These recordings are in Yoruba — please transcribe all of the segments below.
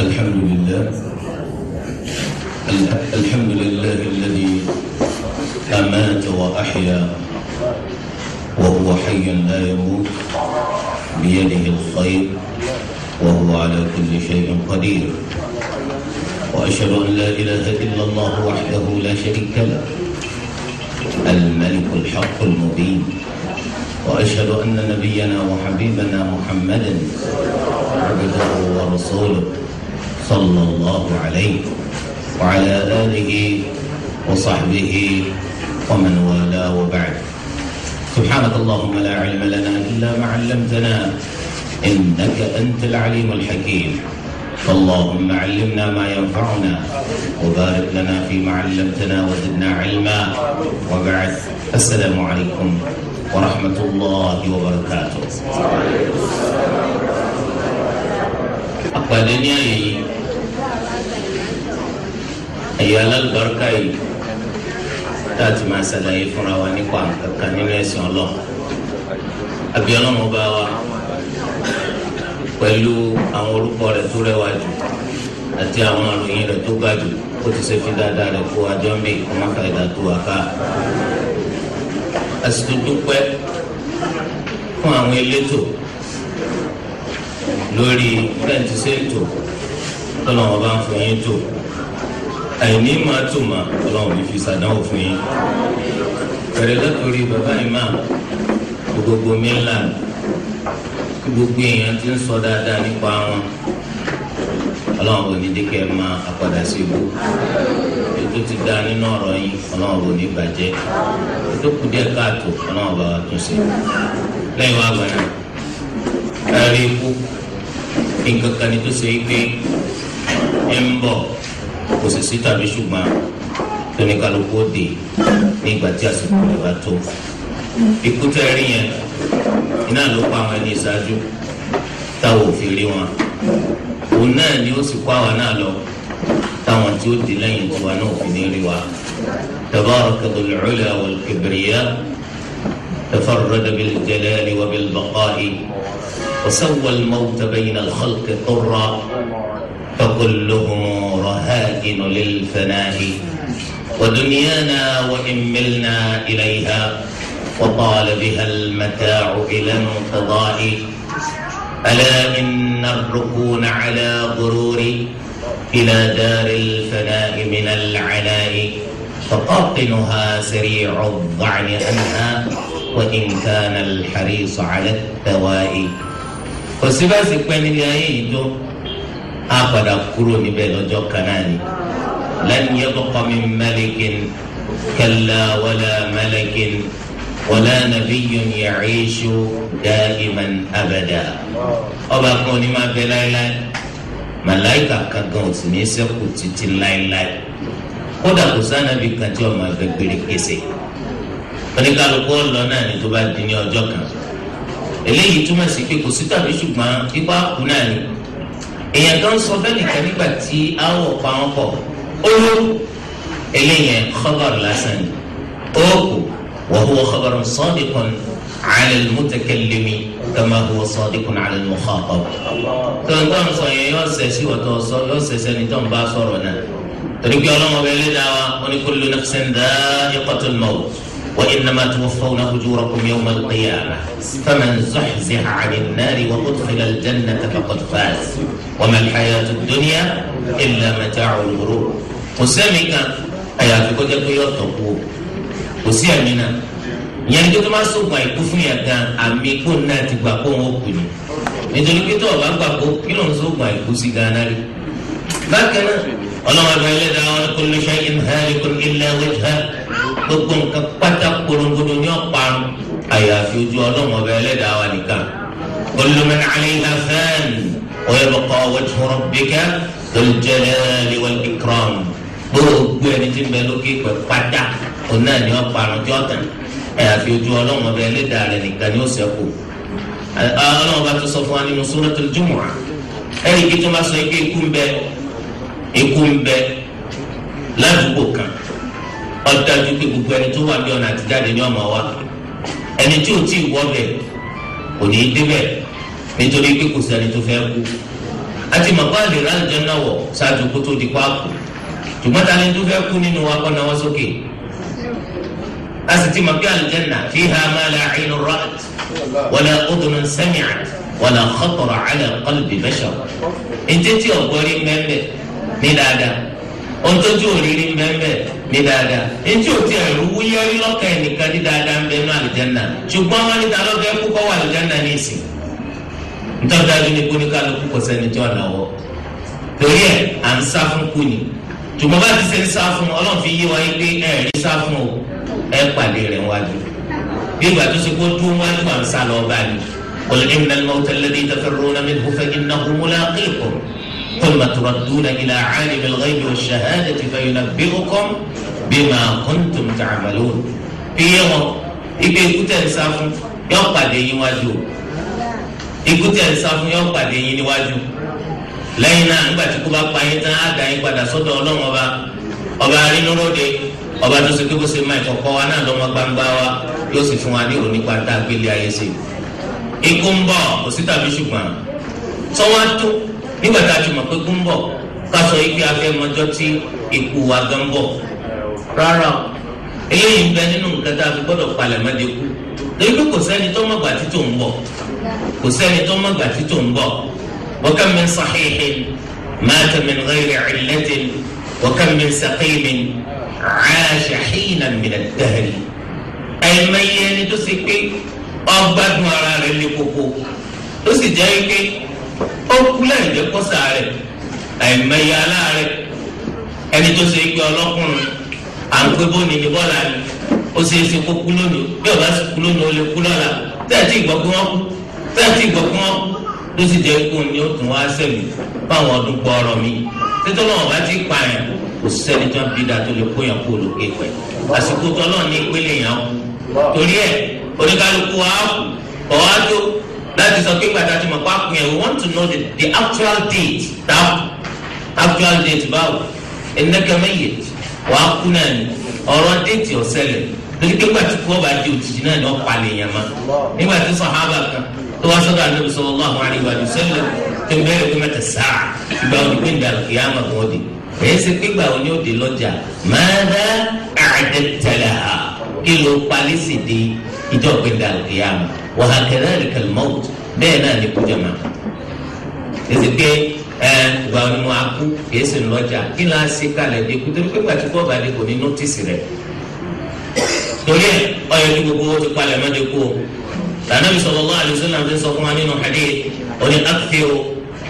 الحمد لله الحمد لله الذي أمات وأحيا وهو حي لا يموت بيده الخير وهو على كل شيء قدير وأشهد أن لا إله إلا الله وحده لا شريك له الملك الحق المبين وأشهد أن نبينا وحبيبنا محمدا عبده ورسوله صلى الله عليه وعلى آله وصحبه ومن والاه وبعد سبحانك اللهم لا علم لنا إلا ما علمتنا إنك أنت العليم الحكيم فاللهم علمنا ما ينفعنا وبارك لنا فيما علمتنا وزدنا علما وبعد السلام عليكم ورحمة الله وبركاته أقبلني ẹ̀yà alálùbáríkà yìí láti máa ṣàlàyé fúnra wa nípa kankan nínú ẹ̀sìn ọlọ́run àbí ọlọ́run bá wa pẹ̀lú àwọn orúkọ rẹ̀ tó rẹwà jù àti àwọn àròyìn rẹ̀ tó ga jù ó ti ṣe fi dáadáa rẹ̀ kó ajọ́ ń kó má fa ìdá tó wà ká. àsìkò dúpẹ́ fún àwọn elétò lórí bẹ́ẹ̀ ti ṣe ń fún tó àìní máa tò mà ọlọ́run ní fi ṣàdánwò fún yín bẹ̀rẹ̀ látòrí bàbá ìmá gbogbo mi ńlá kí gbogbo èèyàn ti ń sọ dáadáa nípa wọn ọlọ́run ò ní dékẹ́ máa àpàdà sí ibú ètò ti dá nínú ọ̀rọ̀ yín ọlọ́run ò ní bàjẹ́ ètò kù díẹ̀ káàtó ọlọ́run bá wa tún ṣe lẹ́yìn wá gbẹ̀rẹ̀ ẹ̀rí ikú nǹkan kan ní tó ṣe é pé ń bọ̀ kò sì sí tàbí ṣùgbọ́n tóníkàlùkù òde ní ìgbà tí àsìkò rẹ̀ bá tó. ikú tẹ́ rí yẹn iná ló pa àwọn ẹni ìṣáájú táwọn ò fi rí wọn òun náà ni ó sì kó àwa náà lọ táwọn tí ó di lẹ́yìn tiwa náà fi ní rí wa. tabaraka dhul ula wal kibriya tafarrada bil jalali wa bil baqa'i wa sawwa al mawta فكلهم رهائن للفناء ودنيانا وإن ملنا إليها وطال بها المتاع إلى انقضاء ألا إن الركون على غرور إلى دار الفناء من العناء فقاطنها سريع الضعن عنها وإن كان الحريص على التوائي. kò sí bá á padà kúrò níbẹ̀ lọ́jọ́ kan náà ni. lan yabqa min malikin kalla wala malikin wala nabiyyun ya'ishu da'iman abada. ọba kan ní máa bẹ láéláé màláìka kan gan ò sì ní ṣẹ́kù títí láéláé kódà kò sànàbì kan tí ọmọ ẹgbẹ́ gbére kése oníkàlùkù ọlọ náà ni tó bá di ní ọjọ́ kan eléyìí túmọ̀ sí pé kò sí tàbí ṣùgbọ́n ipa kù náà ni èèyàn kan sọ bẹ́ẹ̀ nìkan nígbà tí àwọn ọ̀pá wọn pọ̀ olú eléyẹn khabar lásán ni òkú wa huwa khabarun sadiqun ala al-mutakallimi kama huwa sadiqun ala al-mukhatab. tọ́ntọ́n sọ yẹn yọ sẹ́sí wọ́tọ́ sọ yọ sẹ́sẹ́ ni tọ́n bá sọ̀rọ̀ náà torí pé ọlọ́mọbìnrin dáwà wọn ni kullu nafsin dha'iqatul maut. وإنما توفون أجوركم يوم القيامة فمن زحزح عن النار وأدخل الجنة فقد فاز وما الحياة الدنيا إلا متاع الغرور وسامي كان أيا في كل يوم تقول وسامي yẹn tó máa sọgbà ikú fún yẹn gan àmì ikú náà ti gbà kó wọn kù nítorí pé tó o bá gbà kó kí ló ń sọgbà ikú sí ganan rí bákan náà ọlọ́wọ́ bá ẹlẹ́dàá wọn kò ní sọ ìmọ̀lẹ́ kò ilẹ̀ wíjà gbogbo nǹkan pátá korongodo ní ọ̀parun àyàfi ojú ọlọ́wọ́ bá ẹlẹ́dàá wọn nìkan. olùmọ̀nà àlẹ́yìnká fẹ́ẹ̀n ọ̀yẹ́bọ̀kọ̀ wẹ́túrọ̀ bíkẹ́ tòlùjẹ́lẹ́lẹ́ wọn ìkírọ̀m gbogbo ẹni tí ń bẹ lókè pẹ̀ pátá òun náà ní ọ̀parun tí ọ̀tàn àyàfi ojú ọlọ́wọ́ bá ẹlẹ́dàá rẹ̀ nìkan ni ó ṣẹ́kù ikú ń bẹ ládùúgbò kan ọ̀dájú pé gbogbo ẹni tó wà ní ọ̀nà àtijáde ní ọmọ wa ẹni tí ò tí ì wọ́ bẹ̀ kò ní í débẹ̀ nítorí pé kò sẹ́ni tó fẹ́ kú àti màbá lè rà lùjẹ́ náà wọ̀ ṣáájú kó tó di páàkó ṣùgbọ́n ta ni tó fẹ́ kú nínú wa kọ́ náwó sókè a sì ti màbá lùjẹ́ fi hà má la àìnú ra'at wala udhun sami'at wala khatara ala qalbi bashar ètè tí ọ̀gbọ́n rí mẹ́mẹ́ ní dáadáa ọjọ́ tí òrìrì ń bẹ́ẹ̀ ní dáadáa etí òtí ẹ̀rú wúyẹ́rí lọ́kàn ẹnìkan ní dáadáa ń bẹ́ẹ̀ ní àlùjáná ṣùgbọ́n wọn níta lọ́kàn ẹ̀kú kọ́ wà àlùjáná ní ìsìn nítorí dájú ní kóníkàlùkù kò sẹ́ni tí ọ̀nà wọ̀ torí ẹ̀ à ń sá fún kú ni tùmọ̀ bá ti ṣe ń sá fún ọlọ́run fi yé wa pé ẹ̀ sá fún o ẹ̀ pàdé rẹ̀ wájú الموت الذي تفرون منه فإنه ملاقيكم ثم تردون إلى عالم الغيب والشهادة فينبئكم بما كنتم تعملون iye wọn ibi èkúté nsá fún yọ pàdé yín yọ pàdé yín níwájú lẹ́yìn náà nígbà tí kò bá pa yín tán á dà yín padà sọ́dọ̀ Ọlọ́run ọba ọba arínúróde ọba tó ṣe kébó ṣe máa ìkọ̀kọ̀ wa nígbà tá a ti mọ̀ pé kú ń bọ̀ ká sọ yìí pé a fẹ́ mọjọ́ tí ikú wa gan bọ̀ rárá o eléyìí ń bẹ nínú nǹkan tá a fi gbọ́dọ̀ palẹ̀ mọ́dé kú lórí pé kò sẹ́ni tó mọ̀ gbà tí tò ń bọ̀ kò sẹ́ni tó mọ̀ gbà tí tò ń bọ̀ wa kam min sahihin mata min ghayri illatin wa kam min saqimin aasha hinan min ad-dahri àìmọye tó ṣe pé ọgbádùn ara rẹ̀ lé koko ó sì jẹ́ pé ó kú lẹ́yìn jẹ́ kọ́sà rẹ̀ ẹni tó ṣe é gbé ọlọ́kùnrin à ń pé bóni ní bọ́ọ̀lù àná ó ṣe é ṣe kó kú lónìí bí ọba sì kú lónìí ó lè kú lọ́la tẹ́ẹ̀tì ìgbọ́ kí wọ́n kú tẹ́ẹ̀tì ìgbọ́ kí wọ́n kú ló sì jẹ́ kó ní ó tún wá sẹ́mi fáwọn ọdún gbọ́ ọ̀rọ̀ mi títí wọn bá ti pààyàn kò sẹ́ni tó ń bí da tó lè kó yàn kó lókè pẹ́ àsìkò tọ́lọ́ ní ìpínlẹ̀ yàn torí ẹ̀ oníkálukú wa kù ọ̀wá tó láti sọ pé gbàtà tí pa pin we want to know the, the actual date táwọn actual date báwo innaka mayyit wà á kú náà ni ọ̀rọ̀ déètì ọ̀sẹ̀lẹ̀ lórí pé gbàtí kú ọba di òjijì náà ni wọ́n palẹ̀ yẹn ma nígbà tí sàhábà kan tó wá sọ́dọ̀ Ànábì sallallahu alaihi wa sallam tó ń bẹ̀rẹ̀ pé mẹ́ta sáà ìgbà òní pé ìdá kìyàmà kan ọ̀dẹ̀ èyí ṣe pé gbà òní òde lọ́jà mẹ́ta àdẹ́tẹ̀lẹ̀ hà kí ló palẹ̀ sì di ìjọ́ pé ìdá kìyàmà wa hakadhalika al-maut bẹ́ẹ̀ náà ní kú jẹ̀mọ́ èsì pé ẹ ìgbà ni mo akú kìí sì ń lọ́jà kí n lọ́ọ́ sí kalẹ̀ dé kú torí pé gbàtí bọ́ọ̀bù adé kò ní nọ́tìsì rẹ̀ torí ẹ ọyọ tí gbogbo owó ti palẹ̀ mọ́ de kú o tànàbí sallallahu alaihi wasallam ti sọ fún wa nínú hadith oní akthiru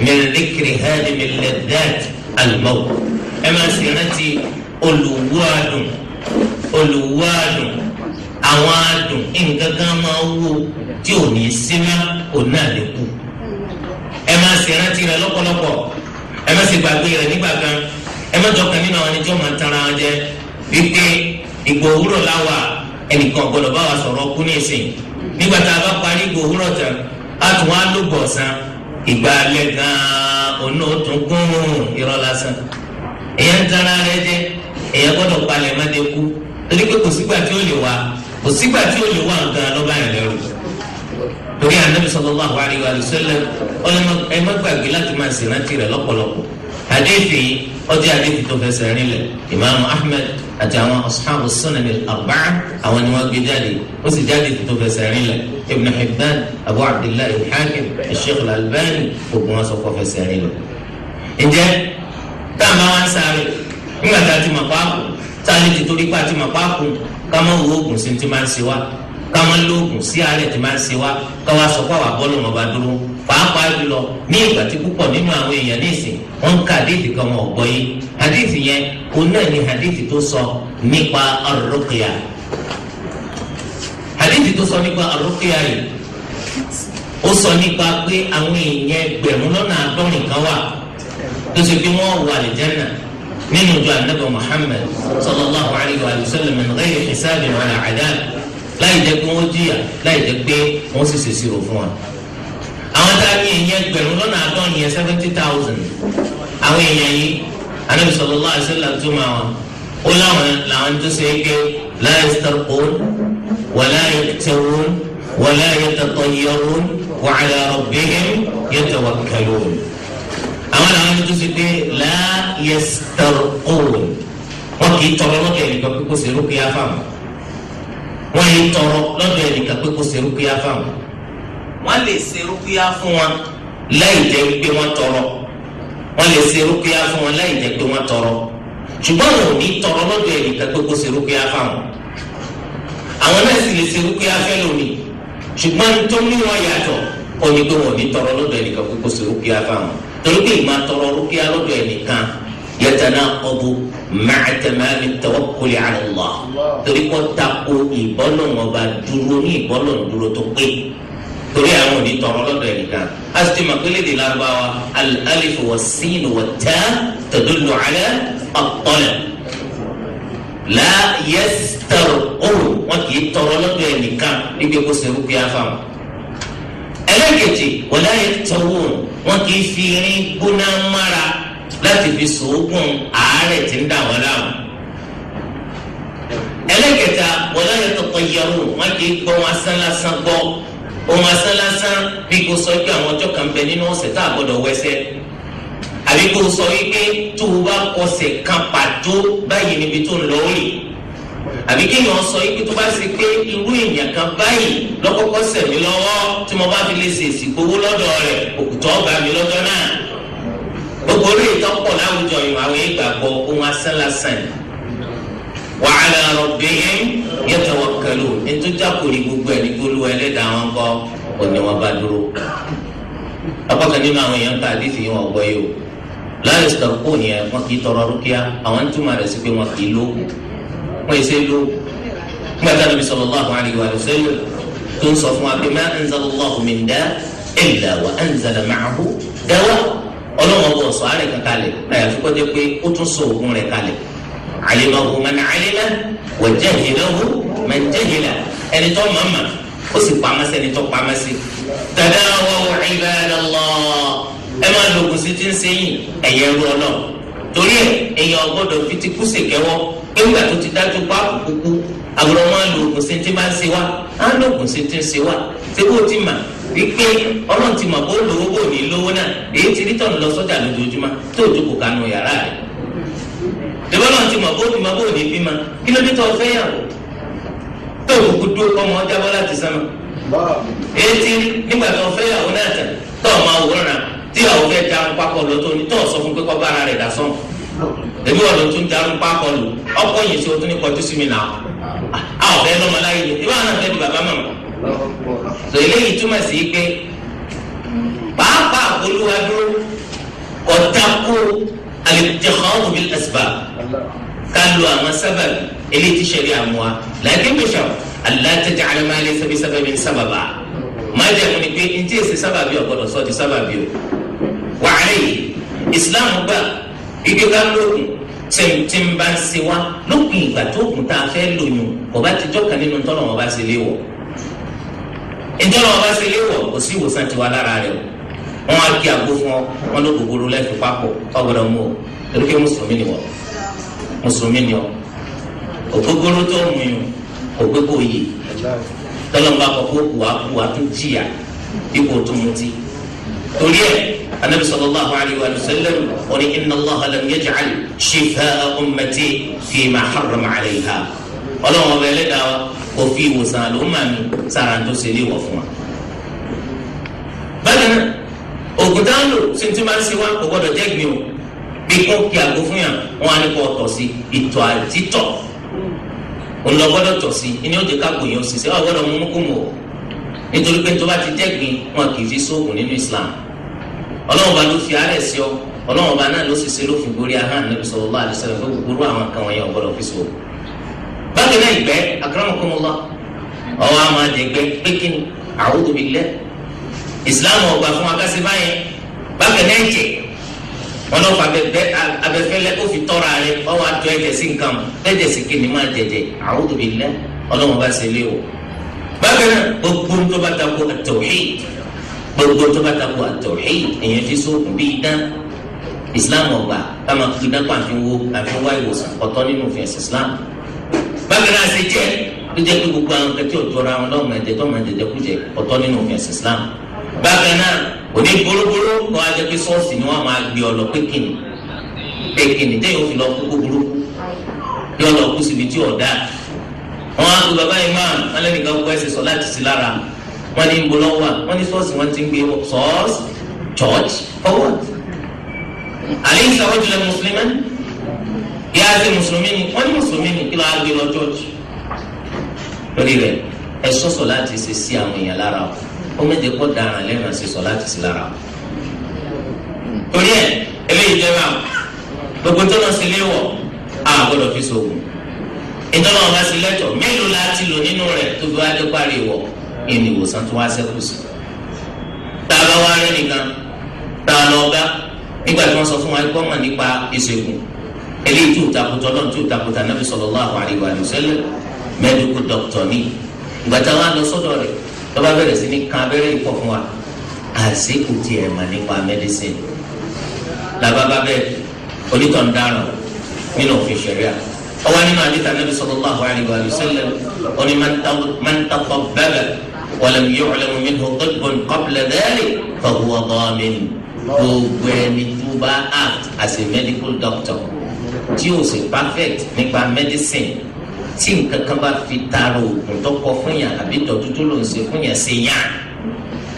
min dhikri hadimi ladhat al-maut ẹ máa sì rántí olùwádùn olùwádùn àwọn adùn nǹkan kan máa wó tí ò ní sí má kò náà lè kú ẹ máa ṣe rántí rẹ lọ́pọ̀lọpọ̀ ẹ má ṣe gbàgbé rẹ nígbà kan ẹ má jọkàn nínú àwọn ẹni tí wọ́n máa ń tara wọn jẹ wípé ìgbò òwúrọ̀ láwà ẹnìkan gbọ́dọ̀ bá wa sọ̀rọ̀ kú ní ìsìn nígbà tá a bá parí ìgbò òwúrọ̀ tán a tún wá lóbọ ọ̀sán ìgbà alẹ́ gan-an òun ò tún gún irọ́ lásán èèyàn tara rẹ jẹ èèyàn gbọ́dọ̀ palẹ̀ má kò sígbà tí òye wà nǹkan lọ́ba yẹn lẹ́rù lórí anabi sallallahu alayhi wa sallam ọlọmọ ẹ má gbàgbé láti máa ṣèrántí rẹ̀ lọ́pọ̀lọpọ̀ àdéhìí ọjọ́ àdéhìí tó fẹsẹ̀ rinlẹ̀ imaamu ahmed àti àwọn ashabu sunan al-arba'a àwọn ni wọ́n gbé jáde ó sì jáde tó fẹsẹ̀ rinlẹ̀ ibn hibban abu abdullahi al-hakim al-sheikh al-albani gbogbo wọn sọ kó fẹsẹ̀ rinlẹ̀. ǹjẹ́ táwọn máa ń sáré nígbà tá a ti mọ̀ pàápàá tani ti torí pa ti mọ̀ pákó ká mọ̀ wo oògùn sí ti máa ń ṣe wá ká mọ̀ lóògùn sí àárẹ̀ ti máa ń ṣe wá ká wá sọ pé àwọn abọ́ lòun ọba dúró pàápàá jùlọ ní ìgbà tí púpọ̀ nínú àwọn èèyàn nísìn wọn ka hadith kan wọn ọ̀gbọ́ yìí hadith yẹn òun náà ni hadith tó sọ nípa ar-ruqya hadith tó sọ nípa ar-ruqya yìí ó sọ nípa pé àwọn èèyàn ẹgbẹ̀rún lọ́nà àádọ́rin kan wà tó ṣe pé wọ́n wà lè náà nínú ìjọ anabi muhammed sallallahu alayhi wa sallam min ghayri hisabi wala adab láì jẹ́ pé wọ́n jìyà láì jẹ́ pé wọ́n sì ṣèṣì rò fún wa. àwọn tá a ní ìyẹn ẹgbẹ̀rún lọ́nà àádọ́rin yẹn seventy thousand àwọn èèyàn yìí anabi sallallahu alayhi wa sallam tó máa wọn ó láwọn làwọn tó ṣe é gé la yastarqun wala yaktawun wala yatatayyarun wa ala rabbihim yatawakkalun àwọn làwọn ní tó ṣe pé láyẹsítọ́rọ̀kùn wọn kì í tọrọ lọ́dọ̀ ẹnìkan pé kó ṣe rúkìá fáwọn wọn yìí tọrọ lọ́dọ̀ ẹnìkan pé kó ṣe rúkìá fáwọn wọn lè ṣe rúkìá fún wọn láì jẹ́ pé wọ́n tọrọ wọ́n lè ṣe rúkìá fún wọn láì jẹ́ pé wọ́n tọrọ ṣùgbọ́n wọn ò ní tọrọ lọ́dọ̀ ẹnìkan pé kó ṣe rúkìá fáwọn àwọn náà sì lè ṣe rúkìá fẹ́ lónìí ṣùgbọ́n tó ní wọn yàtọ̀ ó ní pé wọn torí pé ìmọ̀ tọrọ rúkìá lọ́dọ̀ ẹnìkan yatanaqadu ma'a tamami tawakkuli ala Allah torí kọ́ tako ìbọ́lọ̀mọ̀ bá dúró ní ìbọ́lọ̀mọ̀ dúró tó pé torí àwọn òní tọrọ lọ́dọ̀ ẹnìkan a sì ti mọ̀ pé lédè lárúbáwá al-alif wa sin wa ta tadullu ala at-talab la yastar'u wọn kì í tọrọ lọ́dọ̀ ẹnìkan níbi kó serú kí á fáwọn ẹlẹ́kẹ̀tì wọ̀láyé tẹ̀wọ̀ wọn kì í fi irin gbóná mára láti fi sòógùn àárẹ̀ tí ń dà wọ́n láwọn. ẹlẹ́kẹ̀ta wọ̀láyé tọkọ yẹ̀wò wọn kì í gbọ́ wọn asán lásán gbọ́ ohun asán bí kò sọ pé àwọn ọjọ́ kan bẹ nínú ọ̀sẹ̀ tá a gbọ́dọ̀ wẹsẹ̀ àbí kò sọ wípé tó o bá kọsẹ̀ kan pàtó báyìí níbi tó ń lọ ó rìn àbí kéèyàn sọ yìí pé tó bá ṣe pé irú èèyàn kan báyìí lọ́kọ́kọ́ sẹ̀mí lọ́wọ́ tí mo bá fi lè ṣe ìsìnkówó lọ́dọ̀ rẹ̀ òkùtọ́ ọba mi lọ́jọ́ náà gbogbo orí ìtọ́pọ̀ láwùjọ ìwà àwọn ìgbàgbọ́ ohun asán lásán yìí wa ala rabbihim yatawakkalun ètòjà kò ní gbogbo ẹni gbólú ẹlẹ́dàá wọn kọ́ òní wọn bá dúró apákan nínú àwọn èèyàn o láyé sọ̀rọ̀ kó yẹn wọn kì í tọrọ wọ́n yìí ṣe ń lo gbàgbà níbi sallallahu alayhi wa sallam tó ń sọ fún wa pé ma anzala Allahu min da' illa wa anzala ma'ahu dawa' ọlọ́wọ́n bọ̀ sọ àárẹ̀ kan kalẹ̀ àyàfi kó jẹ́ pé ó tún sọ òògùn rẹ̀ kalẹ̀ alimahu man alima wa jahilahu man jahila ẹni tó mọ̀ọ́mọ̀ ó sì pamọ́ sí ẹni tó pamọ́ sí ń sẹ́yìn náà torí ẹ̀ èèyàn ọgbọ́dọ̀ fi ti nígbà tó ti dájú pa àkókò àwòrán máa lo oògùn tí máa ń ṣe wa á lo oògùn ṣe tí ń ṣe wá ṣé ti mà wípé ọlọ́run ti mọ̀ bó lówó bò ní lówó náà èyí ti rí tọ̀nù lọ sọ́jà lójoojúmọ́ tó o jókòó kanu yàrá rẹ̀ ìjọba ọlọ́run ti mọ̀ bó ti mọ̀ bó ní bímọ kí ló dé tó fẹ́ yàwó tó o kúkú dúró kọ́ ọmọ ọjà bọ́ láti tí àwọn èmi wọn ló tún darú pákọ lò ọkọ yìí tí o tún ní kọjú sí mi nà ó a ò fẹ́ lọ́mọ láyé yìí ìbára náà fẹ́ di bàbá mọ̀ tó eléyìí túmọ̀ sí pé pàápàá olúwa dúró kọjá kó al-ittikhadhu bil asbab ká lo àwọn sábàbí eléyìí ti ṣẹlẹ̀ àmú wa làákín bí sọ Allah taj'ala ma laysa bi sababin sababa ni pé njẹ́ èsì sábàbí ọ̀gbọ́dọ̀ sọ́ọ́ ike ká lóògùn sẹ́yìn tí ń bá ń ṣe wá lópin ìgbà tó kùn tá a fẹ́ lòyún kò bá ti jọ́ka nínú tọ́lọ̀ wọn bá ṣe lé wọ̀ ìtọ́lọ̀ wọn bá ṣe lé wọ̀ kò sí ìwòsàn tiwa lára rẹ̀ o wọn á kí àgbo fún ọ wọn ló gbogbo lẹ́ẹ̀fì papọ̀ ọgbọ́dọ̀ mú o erékẹ́ mùsùlùmí ni wọ mùsùlùmí ni ọ ògógóró tó mú yín ògbégbó yìí tọ́lọ́ ń bá kọ́ kó kù wá kú wá tó jìyà dípò tó mutí torí ẹ̀ anabi sallallahu alayhi wa sallam ó ní inna allah lam yaj'al shifaa ummati fi ma harrama alayha ọlọ́run ọba ẹlẹ́dàá kò fi ìwòsàn àlùmọ́ mi sára tó ṣe léwọ̀ fún wa. bákan náà ògùn táwọn lò tí tí máa ń ṣe wá kò gbọdọ̀ jẹ́ gbìn o bí kò kí àgbo fún yàn wọn á ní kó tọ̀ sí ìtọ̀ àti tọ̀ òun lọ gbọdọ̀ tọ̀ sí ẹni ó jẹ́ ká gbòyàn ṣiṣẹ́ ọ̀ gbọdọ̀ mú mú kó mọ̀ ọ́ nítorí pé tó bá ti dẹ́gbin wọn kì í fi sóògùn nínú Islam ọlọ́run bá ló fi àárẹ̀ sí ọ ọlọ́run bá náà ló sì ṣe lófin gorí ahán níbi sallallahu alaihi wasallam fún gbogbo àwọn kan wọ̀nyẹn ọ̀gbọ́dọ̀ fi sóògùn. bákan náà ìgbẹ́ akramakumullah ọwọ́ àwọn àdẹ̀gbẹ́ pékin a'udhu billah Islam ọgbà fún akásí báyẹn bákan náà ẹ̀jẹ̀ wọn lọ́ọ́ fà abẹ́fẹ́lẹ́ ó fi tọ́ra rẹ ọwọ́ àtọ́ ẹ̀jẹ̀ sí nǹkan ẹ̀jẹ̀ sí kí ni máa jẹ̀jẹ̀ a'udhu billah ọlọ́run bá ṣe lé o bákan náà gbogbo tó bá tako àtọ̀hìn gbogbo tó bá tako àtọ̀hìn èèyàn fi sóògùn bíi dán islam ọgbà táwọn akéwì dán pàfin wo àfi wá ìwòsàn ọ̀tọ̀ nínú òfin ẹ̀sìn islam bákan náà ṣe jẹ́ tó jẹ́ pé gbogbo àwọn kẹtí ọ̀tọ̀ ra wọn lọ́mọ ẹ̀jẹ̀ tó máa jẹjẹ kújẹ ọ̀tọ̀ nínú òfin ẹ̀sìn islam bákan náà òní bolóboló kọ́ ajẹ́ pé sọ́ọ̀sì ni wọ́n máa gbé ọ lọ pé kìnnì pé kìnnì tẹ́yìn òfin lọ kókó burúkú yọ lọ kú síbi tí ọ̀dà àwọn àtúbàbá imam wọn lẹ́nu ìgbà gbogbo ẹ̀sìn sọ láti sí lára wọn ní ìbò lọ́wọ́ wọn ní sọ́ọ̀sì wọn ti ń gbé sọ́ọ̀sì church for what? àlẹ́ ìsàwọ́ jùlọ mùsùlùmí yà á sí mùsùlùmí ni wọ́n ní mùsùlùmí ni kí lọ́ọ́ á gbé lọ church lórí rẹ̀ ẹ sọ́sọ̀ láti ṣe sí àwọn èèyàn lára o ó méje kó dáràn lẹ́nu àti sọ láti sí lára o torí ẹ eléyìí jẹ́ bá gbogbo tó lọ sí ilé wọ̀ á gbọ́dọ̀ fi sọ̀gùn ìtọ́lọ́ ọba sí lẹ́tọ̀ mélòó la ti lò nínú rẹ̀ tó fi wá dé parí wọ̀ ẹni ìwòsàn tó wá sẹ́kù sí. tá a bá wá rẹ́ nìkan tá a lọ bá nígbà tí wọ́n sọ fún wa kọ́ mọ̀ nípa ìṣègùn eléyìí tí ò takùtà náà tí ò takùtà Nabi sallallahu alaihi wa sallam mẹ́díkù dọ́kítọ̀ ní ìgbà tá a wá lọ sọ́dọ̀ rẹ̀ lọ́ba bẹ̀rẹ̀ sí ní kan abẹ́rẹ́ ìpọ̀ fún wa àṣekù tiẹ̀ mà nípa mẹ́dísìn làbábá bẹ́ẹ̀ onítọ̀ ń dáràn nínú òfin ṣẹ̀ríà ọwọ́ nínú àdìsí anábì sallallahu alaihi wa sallam oní man tatabbaba walam yu'lam minhu tibun qabla dhalik fahuwa damin gbogbo ẹni tó bá act as a medical doctor tí o sì perfect nípa medicine tí nǹkan kan bá fi taara oògùn tó kọ fún yàn àbí tọ́jú tó ló ń ṣe fún yàn ṣe yàn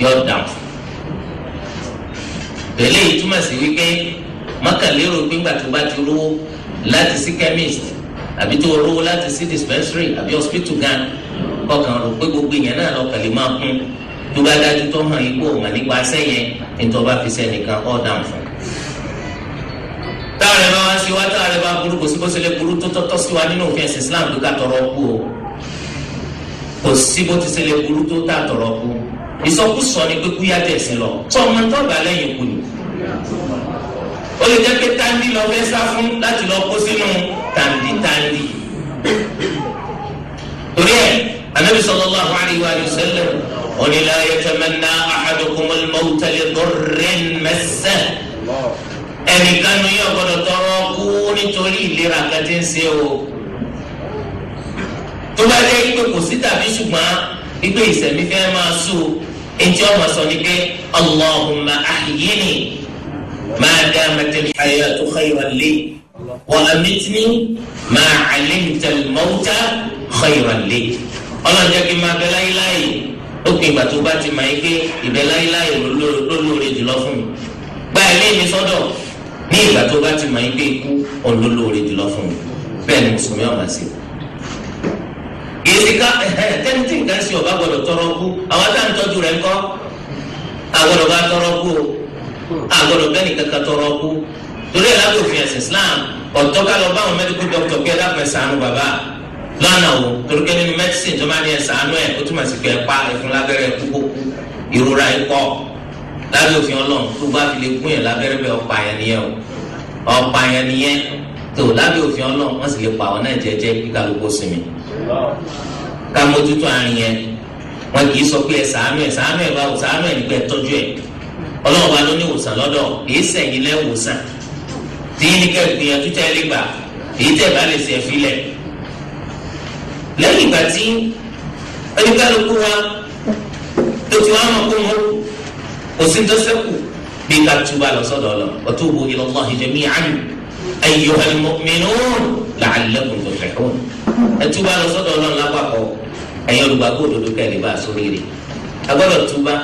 yọ dàn. tẹ̀lé ìtumọ̀ sí wípé mọ́kànlérò gbígbà tó láti sí chemist àbí tó rówó láti sí dispensary àbí hospital gan kọkàn rò pé gbogbo èèyàn náà lọkàn lè máa kún tó bá dájú tó hàn yín kó o mà nípa sẹ́yìn nítorí bá fi sẹ́nìkan ọ̀dà fún táwọn ẹ̀rọ wá sí wa táwọn ẹ̀rọ bá burú kò sí bó ṣe lè burú tó tọ́tọ́ sí wa nínú òfin ẹ̀sìn Islam pé ká tọrọ kú o kò sí bó ti ṣe lè burú tó tá tọrọ kú ìsọkúsọ ni pé kú yájẹ ẹ̀sìn lọ tó ọmọ tó bá lẹ́yìn kù ni ó lè jẹ́ pé táńdì lọ fẹ́ sá fún láti lọ kó sínú tàǹdìtàǹdì torí ẹ anabi sallallahu alayhi wa sallam onílà yatamanna ahadukum al-mawta li durrin massa ẹnìkan ní ọgbọdọ tọrọ kú nítorí ìlera kan tí ń ṣe o tó bá dé ipe kò sí tàbí ṣùgbọ́n ipe ìsẹ̀mí fẹ́ máa sùn etí ọmọ sọ ni pé allahumma ahyini ma damat al-hayatu khayran li wàlámítìní máa àlẹ́mìtẹ́lì mọ́tà xeyìrànlé ọlọ́njẹ́ kí n máa bẹ láyéláyé ó pin ìgbà tó bá ti máa yí pé ìbẹ láyéláyé ló lóore jùlọ fún mi gba ilé mi sọ́dọ̀ ní ìgbà tó bá ti máa yí pé ikú òun ló lóore jùlọ fún mi bẹ́ẹ̀ ni mùsùlùmí ọ̀mà sí i ìsìká tẹ́ntì nǹkan sí ọba gbọdọ̀ tọrọ kú àwọn tá ń tọ́jú rẹ̀ ńkọ́ àgbọdọ̀ bá tọrọ kú o bẹ́ẹ̀ nìkan kan tọrọ kú torí ẹ̀ lábẹ́ òfin ẹ̀sìn Islam ọ̀tọ́ ká lọ bá àwọn medical doctor pé ẹ̀dá fẹ́ sànú bàbá lọ́nà o torí pé nínú medicine tó máa ní ẹ̀ sànú ẹ̀ ó túmọ̀ sí pé ẹ̀ pa ẹ̀fun lábẹ́rẹ́ púpọ̀ ìrora ikọ́ lábẹ́ òfin ọlọ́run tó bá fi lè gún yẹn lábẹ́rẹ́ bẹ́ẹ̀ ọ̀pá yẹn nìyẹn o ọ̀pá yẹn nìyẹn tó lábẹ́ òfin ọlọ́run wọ́n sì lè pa ọ̀nà ìjẹ́jẹ́ kíkálukú sinmi ká mójútó àárín yẹn wọn kì í sọ pé ẹ sàánú ẹ sàánú ẹ báwo sàánú ẹ nígbà ẹ tọ́jú ẹ ọlọ́run wa ló ní ìwòsàn lọ́dọ̀ èyí sẹ́yìn lẹ́wòsàn èyí ni kẹ́ gbìyànjú tẹ́ lé gbà èyí tẹ́ bá lè ṣe filẹ̀ lẹ́yìn ìgbà tí oníkálukú wa tó ti wá mọ̀ kó mọ́ kò sí tó sẹ́kù bí ká túbà lọ sọ́dọ̀ lọ watubu ila Allahi jami'an ayyuhal mu'minun la'allakum tuflihun ẹ túbà lọ sọ́dọ̀ lọ lápapọ̀ ẹ̀yin olùgbàgbọ́ òdodo kẹ́lẹ́ bá a sórí rẹ̀ agbọ́dọ̀ túbà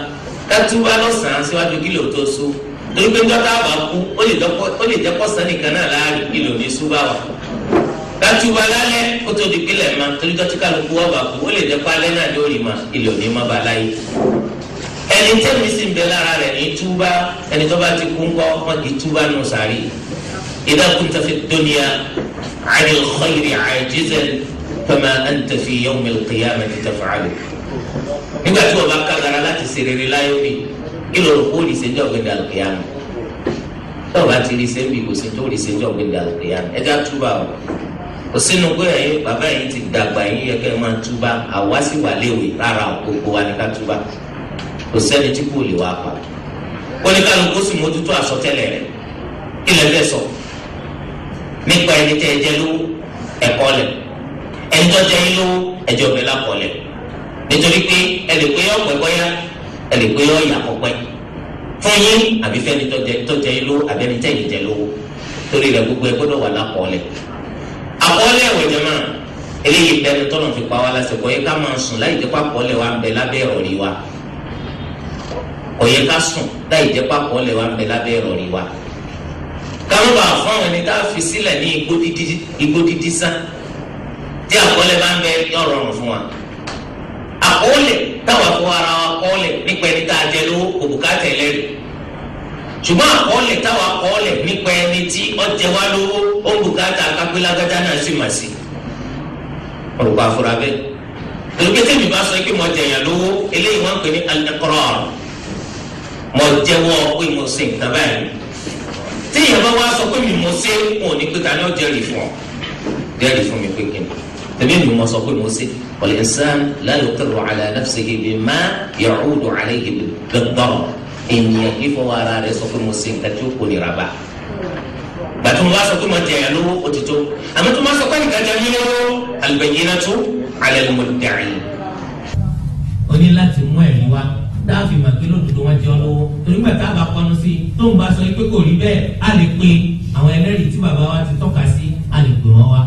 ká túbà lọ́sàn-án síwájú kílò tó sùn nígbà jọta wà kú ó lè jẹ́ kọ́sán nìkan náà láàrin ìlò ní ṣúgbà wà dátúbà lálẹ́ kó tó di pílẹ̀ ma torí jọ́tí kálukú wà bà kú ó lè jẹ́ pálẹ́ náà lórí ma ìlò ní ma bà láyé ẹni tẹ́mi sì ń bẹ lára rẹ̀ ní túbá ẹni tó bá ti kú ńkọ́ wọn kì í túbá nù sàrí idha kunta fi dunya 'ani al-khayri 'ajizan fama anta fi yawmi al-qiyamati taf'alu nígbà tí wọ́n bá kágara láti ṣèrèrè láyé mi kí ló kó lè ṣe ní ọ̀gbẹ́dẹ àlùkìyàmù tó o bá ti rí ṣe ń bì kò sí tó lè ṣe ní ọ̀gbẹ́dẹ àlùkìyàmù ẹja túbà o kò sínú pé ẹ̀yin bàbá yìí ti dàgbà yín yẹ kẹ́ ẹ máa túbà àwa sì wà léwe rárá o gbogbo wa ni ká túbà kò sẹ́ni tí kò lè wá pa ó ní kálukú sì mójútó àsọtẹ́lẹ̀ rẹ̀ kí lè fẹ́ sọ nípa ẹni tẹ́ ẹ jẹ lówó ẹ̀kọ́ lẹ̀ ẹni tó jẹ yín lówó ẹjọ́ bẹ̀ lápọ̀ lẹ̀ nítorí pé ẹ lè pé ọ̀pẹ̀ bọ́yá ẹ lè pé ọ̀yà kọ̀pẹ́ fún yín àbí fẹ́ni tọ́jẹ́ yín lówó àbí ẹni tẹ́yìn jẹ lówó torí rẹ gbogbo ẹ gbọ́dọ̀ wà lápọ̀ọ́lẹ̀ àpọ̀ọ́lẹ̀ ẹ̀wẹ̀ jẹ máa eléyìí bẹnu tọ́nà fi pa wá lásìkò yẹ ká máa sùn láì jẹ́ pàpọ̀ọ́lẹ̀ wa ń bẹ lábẹ́ ìrọ̀rí wa kò yẹ ká sùn láì jẹ́ pàpọ̀ọ́lẹ̀ wa ń bẹ lábẹ́ ìrọ̀rí wa káwọn bá fún àwọn ẹni tá a fi sílẹ̀ ní igbó dídí sán tí àpọ̀ọ́lẹ̀ bá ń bẹ yọ̀rọ̀rùn fún wa àpọ̀ọ́lẹ̀ táwọn fún ara wa kọ́ọ̀lẹ̀ nípa ẹni tá a jẹ lówó kò bùkátà ẹlẹ́rìí ṣùgbọ́n àkọọ́lẹ̀ táwọn akọọ́lẹ̀ nípa ẹni tí ọjẹ́ wa lówó ó bùkátà kápẹ́lágájá náà sì mà sí ọ̀rùkọ àfúrà bẹ́ẹ̀ torípé tèmi bá sọ pé mo jẹ̀yàn lówó eléyìí wọ́n ń pè ní al-iqrar mo jẹ́wọ́ pé mo ṣe nǹkan báyìí téèyàn bá wá sọ pé mi mo ṣe wọn ò ní pé ta ni ó jẹ́rìí fún ọ jẹ́rìí fún mi pé kí ni tèmi mi mo sọ pé mo ṣe. والإنسان لا يقر على نفسه بما يعود عليه بالضرر إن يقف وراء رئيسه المسلم تتوكو لربا باتم واسا كما تعلو وتتو أما تم واسا كما تعلو البينة على المدعي oni láti mú ẹ̀rí wá dáàfì màkìló dùdú wọn jẹ ọlọ́wọ́ torí pé táàbà kọnu sí tó ń bá sọ pé kò rí bẹ́ẹ̀ á lè pe àwọn ẹlẹ́rìí tí bàbá wa ti tọ́ka sí á lè pè wọ́n wá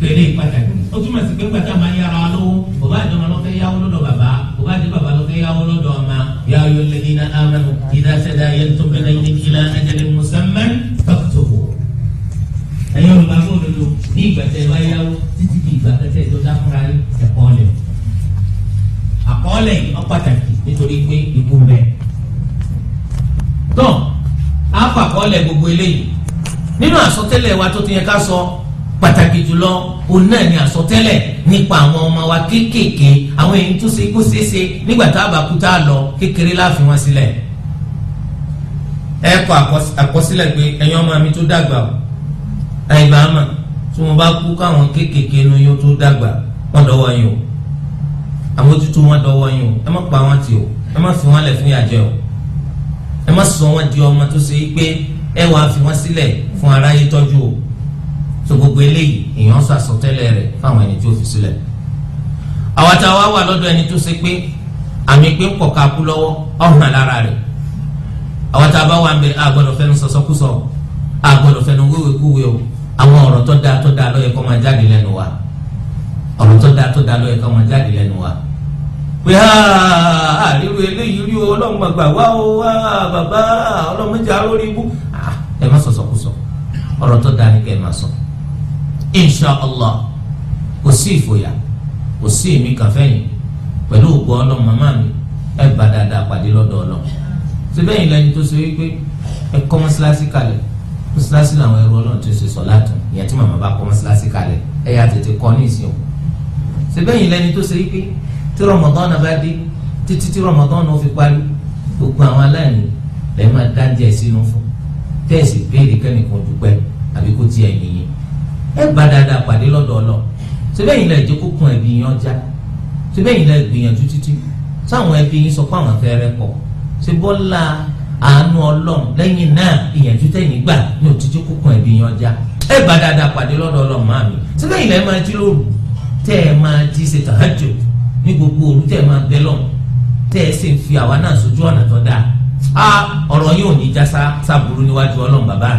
pé eléyìí pàtàkì o ó túmọ̀ sí pé gbàtà máa ń yára wa lówó bàbá àjọmọ ló fẹ́ yáwó lọ́dọ̀ bàbá bàbá àti bàbá ló fẹ́ yáwó lọ́dọ̀ ọmọ yā ayyuhalladhīna āmanū idhā tadāyantum bidayn ilā ajalin musamman faktubū. ẹ̀yin olùgbàgbọ́ òdodo ní ìgbà tẹ́ wá yáwó títí di ìgbà tẹ́ tó dá fúnra yín ẹ̀kọ́ lẹ̀. àkọọ́lẹ̀ yìí wọ́n pàtàkì nítorí pé ikú rẹ̀. tán á fàkọọ́lẹ̀ gbogbo eléyìí nínú àsọtẹ́lẹ̀ wa tó ti yẹ ká sọ pàtàkì jùlọ òun náà ni àsọtẹ́lẹ̀ nípa àwọn ọmọ wa kéékèèké àwọn èyí tó ṣe kó ṣeé ṣe nígbà tá a bá kú tá a lọ kékeré láàfin wọn sílẹ̀ ẹ kọ àkọsílẹ̀ pé ẹ̀yin ọmọ mi tó dàgbà o àyìnbá àmà tí wọn bá kú káwọn kéékèèké inú yóò tó dàgbà wọn dọ́wọ́ yín o àmójútó wọn dọ́wọ́ yín o ẹ má pa wọn tì o ẹ má fi wọn lẹ̀ fún ìyàjẹ o ẹ má sọ wọn di ọmọ tó ṣe é pé ẹ wàá fi wọn sílẹ̀ fún aráyé tọ́jú o tó gbogbo eléyìí èèyàn sọ àsọtẹ́lẹ̀ rẹ̀ fáwọn ẹni tí ó fi sílẹ̀ àwọn táwa wà lọ́dọ̀ ẹni tó ṣe pé àmì pé ń pọ̀ka kú lọ́wọ́ ọ̀hún lára rẹ̀ àwọn táwa wà ń bẹ àgbọ̀dọ̀ fẹ́nu sọ̀sọ́kúsọ àgbọ̀dọ̀ fẹ́nu wíwèkúwe o àwọn ọ̀rọ̀ tó dáa tó dáa ló yẹ kó máa jáde lẹ́nu wa ọ̀rọ̀ tó dáa tó dáa ló yẹ kó máa jáde lẹ́nu wa pé àríwé eléyìí rí ọlọ́run àgbà wá o wá bàbá ọlọ́run mẹ́ta lórí ibú ẹ má sọ̀sọ̀kúsọ ọ̀rọ̀ tó dáa ní kẹ́ ẹ má sọ̀rọ̀ inshallah kò sí ìfòyà kò sí èmi kàfẹ́ yìí pẹ̀lú ògbó ọlọ́run màmá mi ẹ bá dáadáa pàdé lọ́dọ̀ ọlọ́run síbẹ̀ yìí lẹ́ni tó ṣe wípé ẹ kọ́ mọ́ṣáláṣí kalẹ̀ mọ́ṣáláṣí làwọn ẹrú ọlọ́run tó ṣe sọ látọ̀ ìyẹn tí màmá bá kọ́ mọ́ṣáláṣí kalẹ̀ ẹ yà tètè kọ́ ní ìsìn o síbẹ̀ yìí lẹ́ni tó ṣe wípé tí rọmọdán bá dé títí tí rọmọdán ó fi parí gbogbo àwọn aláìní lẹ́ẹ̀ máa dá díẹ̀ sínú fún tẹ́ẹ̀sì béèrè kẹ́nìkan dúpẹ́ àbí tiẹ̀ yìnyín ẹ bá dáadáa pàdé lọ́dọ̀ ọlọ síbẹ̀ yìí lẹ̀ jẹ́ kókun ẹbí yín ọjà síbẹ̀ yìí lẹ̀ gbìyànjú títí sáwọn ẹbí yín sọ pé àwọn fẹ́ rẹ pọ̀ ṣé bọ́lá àánú ọlọ́run lẹ́yìn náà ìyànjú tẹ̀yìn gbà ní òtítí kókun ẹbí yín ọjà ẹ bá dáadáa pàdé lọ́dọ̀ ọlọ́run máa mi síbẹ̀ yìí lẹ̀ máa jí lóru tẹ́ ẹ máa jí ṣe tàájò ní gbogbo òru tẹ́ ẹ máa bẹ lọ́run tẹ́ ẹ sì ń fi àwa náà sójú ọ̀nà tó dáa a ọ̀rọ̀ yóò ní já sábúrú níwájú ọlọ́run bàbá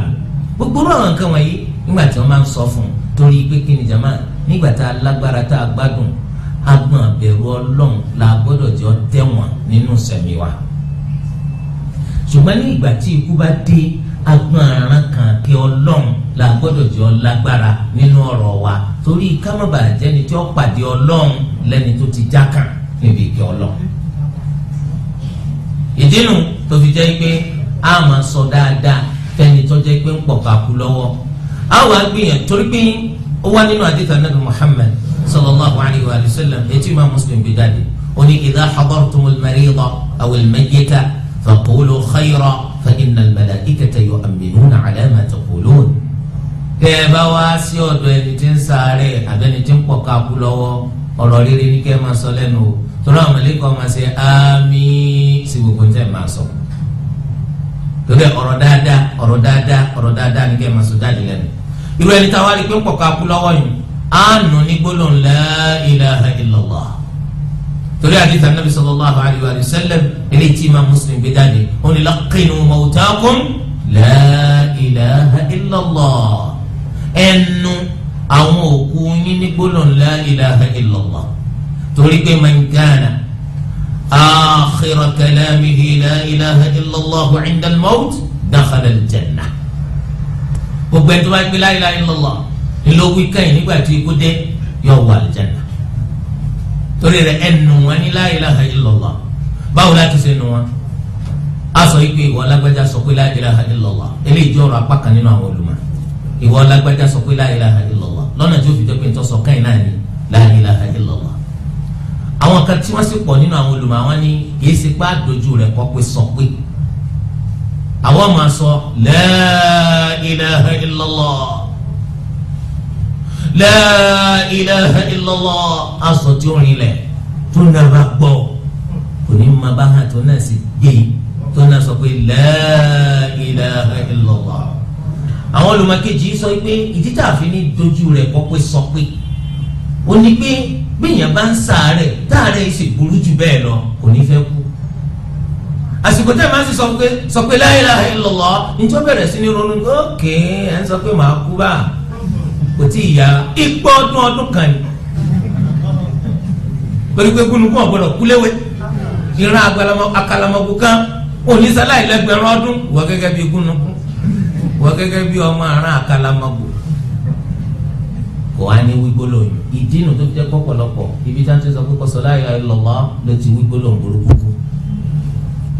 mi gbogbo ọ̀rọ̀ nǹkan wọ̀nyí nígbà tí wọ́n máa ń sọ fún un torí pé kí ni jama nígbà tá a lágbára tá a gbádùn agbọn àbẹ̀rù ọlọ́run la gbọ́dọ̀ jẹ́ ọ tẹ̀wọ̀n nínú sẹ̀mí wa ṣùgbọ́n ní ìgbà tí ikú bá dé agbọn aràn kan kí ọlọ́run la gbọ́dọ̀ jẹ́ ọ lágbára nínú ọ̀rọ̀ wa torí kámábà jẹ́ni tí ó pàdé ọlọ́run lẹ́ni tó ti já kan níbi ìkẹ́ ọlọ́run ìdínú tó fi jẹ́ pé a máa sọ dáadáa fẹ́ni tó jẹ́ pé ń pọ̀ kakú lọ́wọ́ àwọn agbìyàn torí pé ó wá nínú àdìtà nàbì Muhammad sallallahu alayhi wa sallam etí ìmá Muslim bí dáadé ó ní idha hadartumul marida awil mayyita faqulu khayra fa innal malaikata yu'minuna ala ma taqulun. tẹ́ wá sí ọ̀dọ̀ ẹni tí ń sáré àbẹ́ni tí ń pọ̀ káàkú lọ́wọ́ ọ̀rọ̀ rere ní kẹ́ máa sọ lẹ́nu o torí àwọn máa ṣe ámì sí gbogbo tẹ́ máa sọ. torí ọ̀rọ̀ dáadáa ọ̀rọ̀ dáadáa ọ̀rọ̀ dáadáa ní kẹ́ máa sọ jáde lẹ́nu irú ẹni táwa rí pé ń pọ̀ka kú lọ́wọ́ yìí á nù ní gbólóhùn la ilaha illallah torí àdìsá nàbì sallallahu alayhi wa sallam eléyìí tí Imam Muslim gbé jáde ó ní laqinu mawtakum la ilaha illallah ẹnu àwọn òkú yín ní gbólóhùn la ilaha illallah torí pé man kana akhira kalamihi la ilaha illallah 'inda al-mawt dakhala al gbogbo ẹni tó bá gbé la ilaha illallah ìlógún kẹ́yìn nígbà tí ikú dé yọ wọ àlùjánnà torí rẹ̀ ẹnu wọn ní la ilaha illallah báwo láti ṣe nu wọn a sọ yìí pé ìwọ alágbájá sọ pé la ilaha illallah eléyìí jọrọ apá kan nínú àwọn olùmọ̀ ìwọ alágbájá sọ pé la ilaha illallah lọ́nà tí ó fi jẹ́ pé nítorí sọ kẹ́yìn náà ni la ilaha illallah àwọn kan tí wọ́n sì pọ̀ nínú àwọn olùmọ̀ àwọn ní kì í àwọn máa sọ la ilaha illallah la ilaha illallah aṣọ tí ó rinlẹ̀ tó náà bá gbọ́ kò ní máa bá hàn tó náà sì gbé tó náà sọ pé la ilaha illallah àwọn olùmọ̀kejì sọ pé ìdí tá a fi ní dojú rẹ̀ kọ́ sọ pé ó ní pé gbìyànjú bá ń sàárẹ̀ táàrẹ̀ ìsìn burú bẹ́ẹ̀ lọ kò ní fẹ́ kú àsìkò tẹ́ ẹ máa ń sọ pé sọ pé la ilaha illallah níjọ́ bẹ̀rẹ̀ sí ní ronú ókè ẹ̀ ń sọ pé màá kú bá kò tí ì yá ipò ọdún ọdún kan ni pẹ̀lú pé gúnugún ọ̀gbọ́dọ̀ kúléwé ìran àkàlàmọ̀gbò kan onísàlàyé lẹ́gbẹ̀rún ọdún wọ́n gẹ́gẹ́ bí gúnugún wọ́n gẹ́gẹ́ bí ọmọ àrùn àkàlàmọ̀gbò kò wá ní wígbólóyún ìdí inú tó fi jẹ́ pọ̀pọ̀lọpọ̀ ibi tí wọ́n ti sọ pé kọ́sọ́láyà ẹ̀ lọ́mọ́ ló ti wígbólóyún burúkú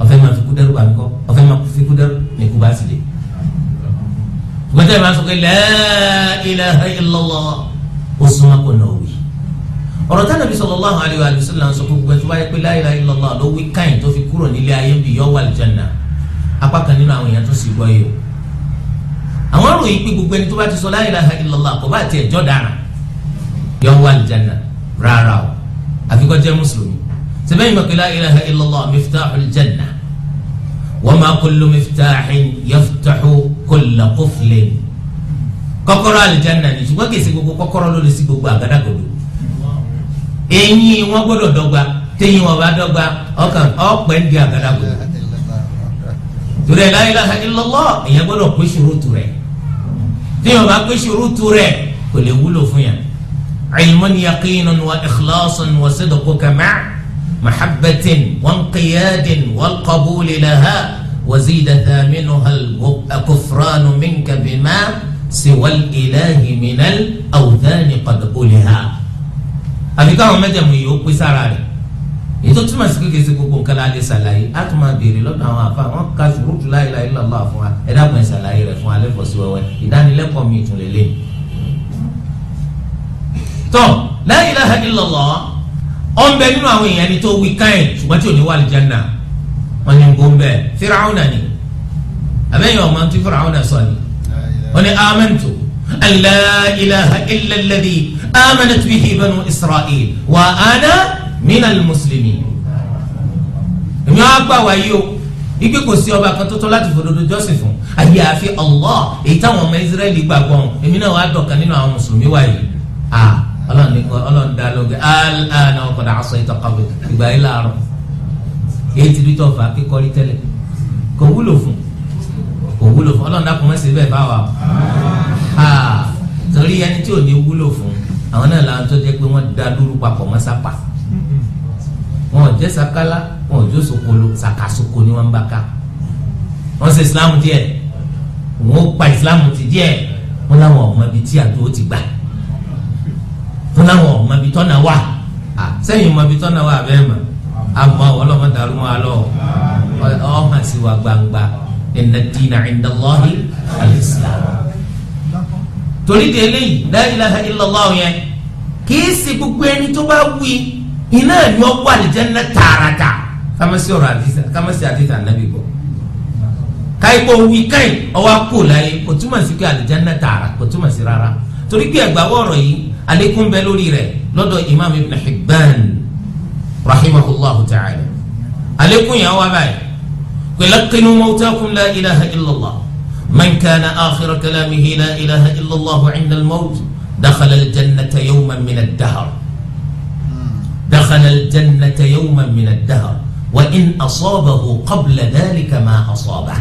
ọ̀fẹ́ máa fi kú dẹ́rù bàmí kọ́ ọ̀fẹ́ máa fi kú dẹ́rù ní kú bá sì dé. gbọ́dọ̀ máa sọ pé la ilaha illallah ó súnmọ́ kò náà wí. ọ̀rọ̀ táwọn Nabi sallallahu alaihi wa sallam ń sọ gbogbo ẹtú wáyé pé la ilaha illallah ló wí káyìn tó fi kúrò nílé ayé bí yọ wà lìjànà apá kan nínú àwọn èèyàn tó sì gbọ́ yìí o. àwọn ròyìn pé gbogbo ẹni tó bá ti sọ la ilaha kò bá tiẹ̀ jọ́ dára yọ wà lìjànà rárá o àfikọ́ jẹ́ mùsùlùmí sẹ́bẹ̀yìn mọ̀ pé la ilaha illallah miftahul janna wa ma kullu miftahin yaftahu kulla quflin kọ́kọ́rọ́ àlìjáná ni ṣùgbọ́n kìí ṣe gbogbo kọ́kọ́rọ́ ló lè ṣí gbogbo àgádágodo eyín wọn gbọ́dọ̀ dọ́gba téyín wọn bá dọ́gba ọkàn ọpẹ́ ń di àgádágodo torí ẹ̀ la ilaha illallah èèyàn gbọ́dọ̀ pé ṣòrótù rẹ̀ téyín wọn bá محبة وانقياد والقبول لها وزيد ثامنها الكفران منك بما سوى الإله من الأوثان قد أولها àfi káwọn mẹ́tẹ̀ẹ̀mú yìí ó pé sára rẹ̀ èyí tó túmọ̀ sí kékeré sí gbogbo nǹkan láti ṣàlàyé á tún máa béèrè lọ́dọ̀ àwọn àfa wọn ka ṣùrùtù la ilaha illallah fún wa ẹ dákun ẹ ṣàlàyé rẹ̀ fún wa lẹ́kọ̀ọ́ sí wẹ́wẹ́ ìdánilẹ́kọ̀ọ́ mi ìtúnlẹ̀ lẹ́yìn. tọ́ la ilaha illallah ọ̀nbẹ nínú àwọn èèyàn ni tó wí káyìn ṣùgbọ́n tí ò ní wà lìjánà wọn ni gbó ń bẹ firawuna ni abẹ́yẹn ọmọ tí firawuna sọ ni wọn ni amẹ́ntu ala ilaha illa alladhi amanat bihi banu isra'il wa minal muslimin èmi á gbà wáyé o igbe kò sí ọba kan tó láti fòdodo jọ́sìn fún àyè àfi Allah èyí táwọn ọmọ Israẹli gbàgbọ́ èmi náà wàá dọ̀kan nínú àwọn mùsùlùmí wáyé ọlọ́run ní kọ́ ọlọ́run dá lóge aláàánú ọkọ̀ dà aṣọ ìtọ́kọ̀wé ìgbà yìí láàárọ̀ èyí ti rí tọ́fà kíkọ́rí tẹ́lẹ̀ kò wúlò fún kò wúlò fún ọlọ́run dákun mẹ́sẹ̀ bẹ́ẹ̀ bá wà ó torí ẹni tí ò ní wúlò fún àwọn náà làwọn tó jẹ́ pé wọ́n dá dúró papọ̀ mọ́ sápà wọn ò jẹ́ sakala wọn ò jó sokolo sakasoko ni wọ́n ń bá ká wọ́n ṣe islam díẹ̀ wọ́n pa islam ti díẹ̀ wọ́n láwọn ọmọ ibi tí wọn làwọn ọmọbi tọ́nà wà sẹ́yìn ọmọbi tọ́nà wà bẹ́ẹ̀ mọ̀ àmọ́ ọlọ́mọ dàrú wọn alọ́ ọ̀hún sí wa gbangba inna dina inda Allahi al-Islam torí de eléyìí la ilaha illallah yẹn kì í ṣe gbogbo ẹni tó bá wí iná ni ó wà aljanna tààràtà kámẹ́sì ọ̀rọ̀ àdìsá kámẹ́sì àdìsá nàbì bọ̀ káyipọ̀ wí káyì ọwọ́ àpò láyé kò túmọ̀ sí pé aljanna tààrà kò túmọ̀ sí rárá torí pé ẹgbàá wọ̀rọ̀ yìí àlékún bẹ lórí rẹ̀ lọ́dọ̀ imam ibn hibban rahimahullahu ta'ala àlékún yà wá báyìí pẹ̀lẹ́kinu mawtakum la ilaha illallah man kana akhira kalamihi la ilaha illallah inda almawt dakhala aljannata jannata yawman min addahar dakhala aljannata jannata yawman min addahar wa in asabahu qabla dhalika ma asabah.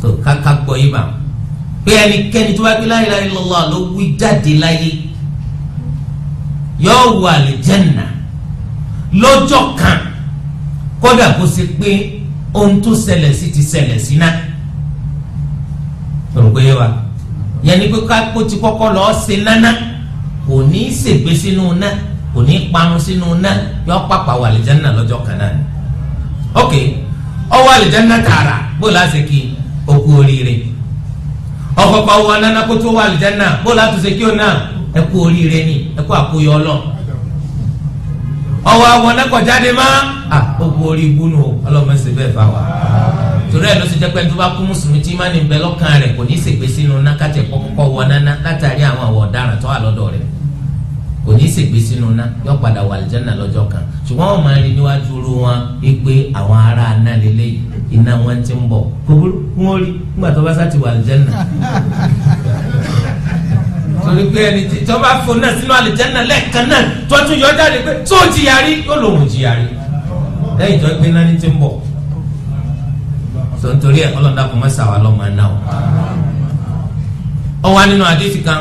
so kaka gbọ́ pé ẹnikẹ́ni tó bá gbé la ilaha illallah ló wí jáde láyé yóò wọ àlùjànnà lọ́jọ́ kan kódà kó ṣe pé ohun tó ṣẹlẹ̀ sí ti ṣẹlẹ̀ sí náà rògbé yẹ wa yẹn ni pé kápó ti kọ́kọ́ lọ́ọ́ ṣe nánà kò ní í ṣègbè sínú náà kò ní í parun sínú náà yọ pàpà wà àlùjànnà lọ́jọ́ kan náà ok ọwọ́ àlùjànnà tààrà bó láṣẹ kí okú oríire. ọkọ̀ọ̀kọ̀ wọ nana kó tó wà àlìjáná bó láti kí o náà ẹ kú oríire ni ẹ kú àkóyọ ọlọ́run ọwọ́ àwọn ọ̀nàkọ̀jáde má à gbogbo orí ibú nù ọlọ́mọ ṣe bẹ́ẹ̀ fà wá torí ẹ̀ ló ṣe jẹ́ pé tó bá kú mùsùlùmí tí má nana látàrí àwọn tó wà kò ní ṣègbè sínú yọ padà kan iná wọn ti ń bọ̀ kókó wọn rí nígbà tó bá sá ti wà àlùjẹ́nà torí pé ẹni tí tó bá fò náà sínú àlùjẹ́nà lẹ́ẹ̀kan náà tó tún yọ jáde pé tó jìyà rí yóò lòun jìyà rí lẹ́yìn tó gbé náà ní ti ń bọ̀ tó ń torí ẹ̀ ọlọ́dà kò má sàwà lọ́mọ ẹ̀ náà ó wà nínú àdéhùn kan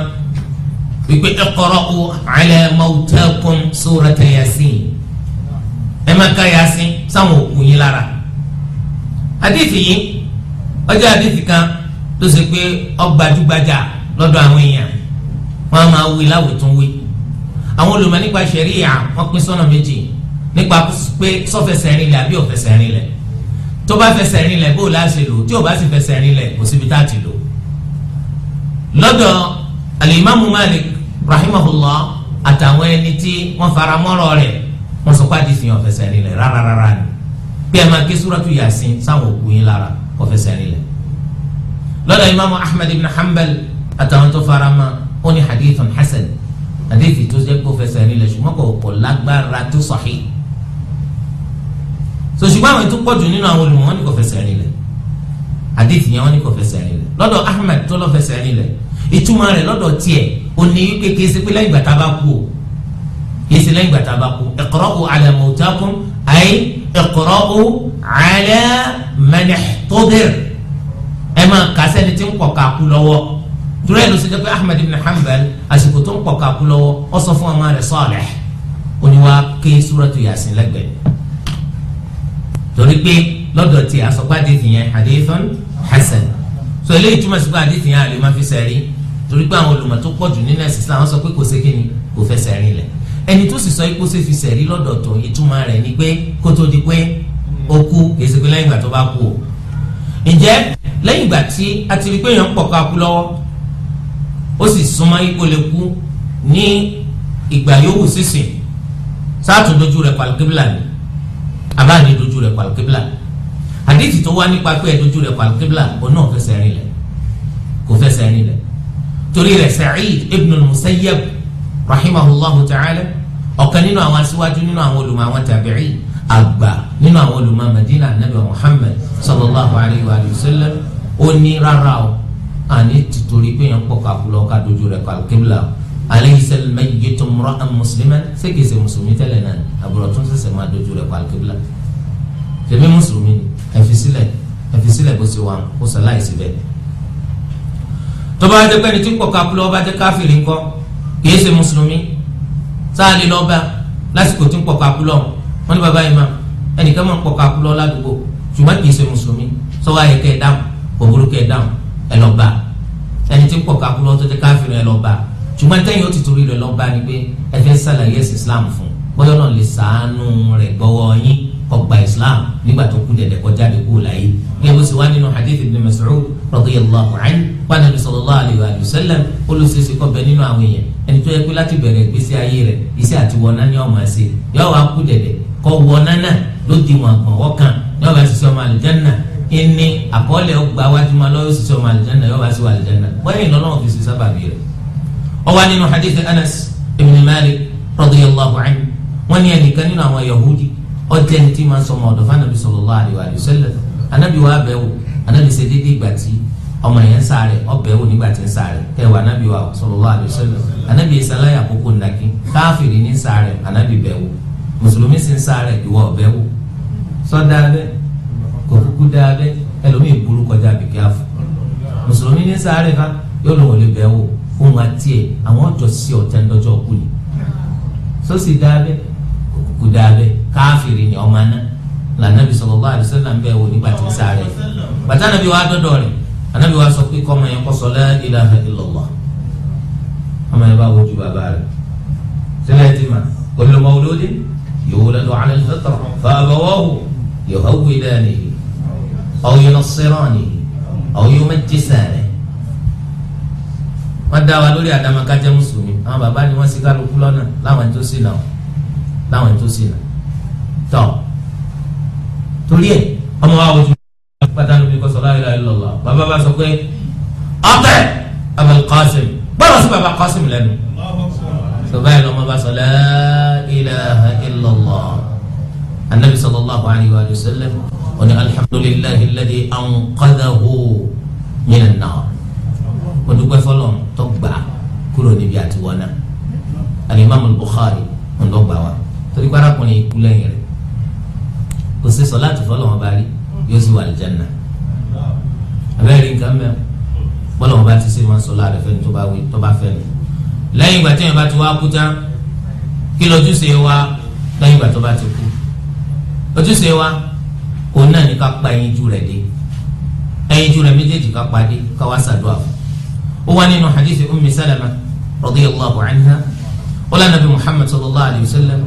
wípé iqra'u ala mawtakum surata yasin ẹ má ká yasin sáwọn òkú yín lára àdìsí yìí ọjọ́ àdìsí kan tó ṣe pé ọgbàdúgbajà lọ́dọ̀ àwọn èèyàn wọn a máa wí láwùtún wí àwọn olùmọ̀ nípa ṣẹ̀ríyà wọn pín sọ́nà méjì nípa pé sọ́fẹsẹ̀ rinlẹ̀ àbí ọ̀fẹsẹ̀ rinlẹ̀ tó bá fẹsẹ̀ rinlẹ̀ bó o láṣẹ lò tí o bá sì fẹsẹ̀ rinlẹ̀ kò síbi tá a ti lò lọ́dọ̀ alimami Malik rahimahullah àtàwọn ẹni tí wọ́n fara mọ́rọ̀ rẹ̀ wọ́n sọ pé àdìsí yẹn ọ̀fẹsẹ̀ rinlẹ̀ rárára ni pé ẹ máa ké súratu yasin sáwọn òkú yín lára kọfẹsẹ̀ rí lẹ̀ lọ́dọ̀ imaamu ahmed ibn hanbal àtàwọn tó fara ma ó ní hadithun hasan hadithi tó jẹ́ kó fẹsẹ̀ rí lẹ̀ ṣùgbọ́n kò kò lágbára tó sahih so ṣùgbọ́n àwọn ètò pọ̀jù nínú àwọn olùmọ̀ wọn ní kò fẹsẹ̀ rí lẹ̀ hadithi yẹn wọn ní kò fẹsẹ̀ rí ahmed tó lọ́ fẹsẹ̀ ìtumọ̀ rẹ̀ lọ́dọ̀ tiẹ̀ òní kékeré sí ìgbà tá a bá kú o kì í ṣe lẹ́yìn gbàtà bá kú iqra'u ala mawtakum ay iqra'u ala man ihtadir ẹ máa kà sẹ́ni tí ń kọ̀ ká kú lọ́wọ́ dúró ẹ̀ ló ṣe jẹ́ pé Ahmad ibn Hanbal àsìkò tó ń kọ̀ ká kú lọ́wọ́ ọ sọ fún ọmọ rẹ̀ Salih oníwà ké súratu Yasin lẹ́gbẹ̀ẹ́ torí pé lọ́dọ̀ tí asọ́gbà dìtì yẹn hadithun hasan so eléyìí túmọ̀ sí pé àdìtì yẹn àlè má fi sẹ́rí torí pé àwọn olùmọ̀ pọ̀jù nínú ẹ̀sìn Islam wọ́n sọ pé kò sékìní kò fẹsẹ̀ rìn lẹ̀ ẹni tó sì sọ ipò ṣe fi sẹ̀rí lọ́dọ̀ tó ìtumọ̀ rẹ̀ ni pé kó tó di pé ó kú kìí ṣe pé lẹ́yìn ìgbà tó bá kú o ǹjẹ́ lẹ́yìn ìgbà tí a ti rí pé èèyàn pọ̀ ká kú lọ́wọ́ ó sì súnmọ́ ipò lè kú ní ìgbà yòówù sísìn sáàtù dojú rẹ̀ pàlùkébìlà ni àbá ní dojú rẹ̀ pàlùkébìlà àdéhìí tó wá nípa pé dojú rẹ̀ pàlùkébìlà òun náà fẹsẹ̀ rìn lẹ̀ kò fẹsẹ̀ rìn lẹ̀ torí rẹ̀ Sa'id ibn rahimahullahu ta'ala ọ̀kan nínú àwọn aṣíwájú nínú àwọn olùmọ̀ àwọn tàbí'í àgbà nínú àwọn olùmọ̀ madina anabi muhammad sallallahu alayhi wa sallam ó ní rárá o àní tìtorí pé yẹn pọ̀ kakúlọ̀ ká dojú rẹ̀ kàlùkébìlà aleisal mayyitu mura'an musliman ségese mùsùlùmí tẹ́lẹ̀ náà àbúrò tún sẹ̀sẹ̀ máa dojú rẹ̀ kàlùkébìlà tẹ̀mí mùsùlùmí ni ẹ̀fisílẹ̀ ẹ̀fisílẹ̀ bó ṣe wà kó sọ láì síbẹ̀. tó bá jẹ́ pé ẹni tí pọ̀ kakúlọ̀ ọba jẹ́ káfíìrì ńkọ́ kìí ṣe mùsùlùmí sáà lè lọ bá lásìkò tí ń pọkọ àkúlọ wọn ní baba imam ẹnìkan máa ń pọkọ àkúlọ ládùúgbò ṣùgbọ́n kìí ṣe mùsùlùmí sọwọ ayé kẹ ẹ dáhùn òwúrú kẹ ẹ dáhùn ẹ lọ bá ẹni tí ń pọkọ àkúlọ tó ti káfíìrì ẹ lọ bá ṣùgbọ́n tẹ̀yìn ó ti torí rẹ lọ bá ni pé ẹ fẹ́ sàlàyé ẹsẹ islam fún bọyọ náà lè sàánú rẹ gbọ́wọ́ yín kọgbà islam nígbà tó kú dẹdẹ kọjá dé kúrò láyé ní ẹ bó ṣe wá nínú hadith ibn Mas'ud radiyallahu anhu wa nabi sallallahu alayhi wa sallam olùsèse kọ bẹ nínú àwọn èèyàn ẹni tó yẹ pé láti bẹ̀rẹ̀ ìgbésí ayé rẹ̀ iṣẹ́ àti wọná ni ọmọ ẹsẹ yọ wá kú dẹdẹ kọ wọná náà ló di wọn àgbọn ọkàn yọ bá ṣiṣẹ́ ọmọ àlùjánnà ẹni àkọọ́lẹ̀ ọgbà wájú máa lọ ṣiṣẹ́ ọmọ àlùjánnà yọ bá ṣiṣẹ́ àlùjánnà wẹyìn lọlọrun fi ṣe sábàbí rẹ̀ anabi ṣe déédéé ìgbà tí ọmọ yẹn ń sáré ọbẹ̀ wò nígbà tí ń sáré tẹ̀wọ̀ anabi wa sallallahu alaihi wasallam anabi ìsàlàyé àkókò nàkí káfìrí ní sáré anabi bẹ̀ wò mùsùlùmí sì ń sáré ìwọ ọbẹ̀ wò sọ́dá bẹ́ kò kúkú dá bẹ́ ẹlòmíì burú kọjá bìkẹ́ àfọ mùsùlùmí ní sáré fa yóò lòun lè bẹ̀ wò ohun àti àwọn ọjọ́ sí ọ̀tẹ́ ńdọ́jọ́ kú ni sọ́sì dá bẹ́ káfìrí ni ọmọ lànàbì sallallahu alaihi wasallam bẹ́ẹ̀ wò nígbà tí ń sáré bàtà nàbì wà á dọ́dọ̀ rẹ̀ ànàbì wà á sọ pé kọ́mọ yẹn kọ́ sọ la ilaha illallah ọmọ yẹn bá wojú bàbá rẹ̀ sílẹ̀ ti mà kullu mawludin yuladu ala al-fitra fa abawahu yuhawwidanihi aw yunassiranihi aw yumajjisanihi wọ́n dá wa lórí àdàmàkájẹ́ mùsùlùmí àwọn bàbá ni wọ́n sì kálukú lọ́nà láwọn tó sì náà láwọn tó sì náà tọ́ torí ẹ ọmọ wa wojú pátá lóbi kọsọ la ilaha illallah bàbá bá sọ pé ọtẹ Abul Qasim gbọ́dọ̀ sí bàbá Qasim lẹ́nu sọba yẹn lọmọ bá sọ la ilaha illallah anabi sallallahu alayhi wa sallam wani alhamdulillahi alladhi anqadhahu minan nar wọ́n dúpẹ́ fọlọ́n tó gbà kúrò níbi àtiwọ́nà alimami Bukhari ń lọ gbà torí pé arákùnrin ikú lẹ́yìn kò sí sọ láti fọlọ́ wọn bá rí yóò sì wà àlìjáná abẹ́rẹ́ nǹkan mẹ́rin bọ́lọ̀ wọn bá ti ṣe wọn sọ láàrẹ̀ fẹ́ni tó bá wí tó bá fẹ́ ni lẹ́yìn ìgbà tí wọn bá ti wá kú tán kí lójúṣe wa lẹ́yìn ìgbà tó bá ti kú ojúṣe wa òun náà ní ká pa ẹyinjú rẹ̀ dé ẹyinjú rẹ̀ méjèèjì ká pa dé ká wá ṣàdúrà ó wá nínú hadithi ummi salama radiyallahu anha ó lànà muhammad sallallahu alayhi wa sallam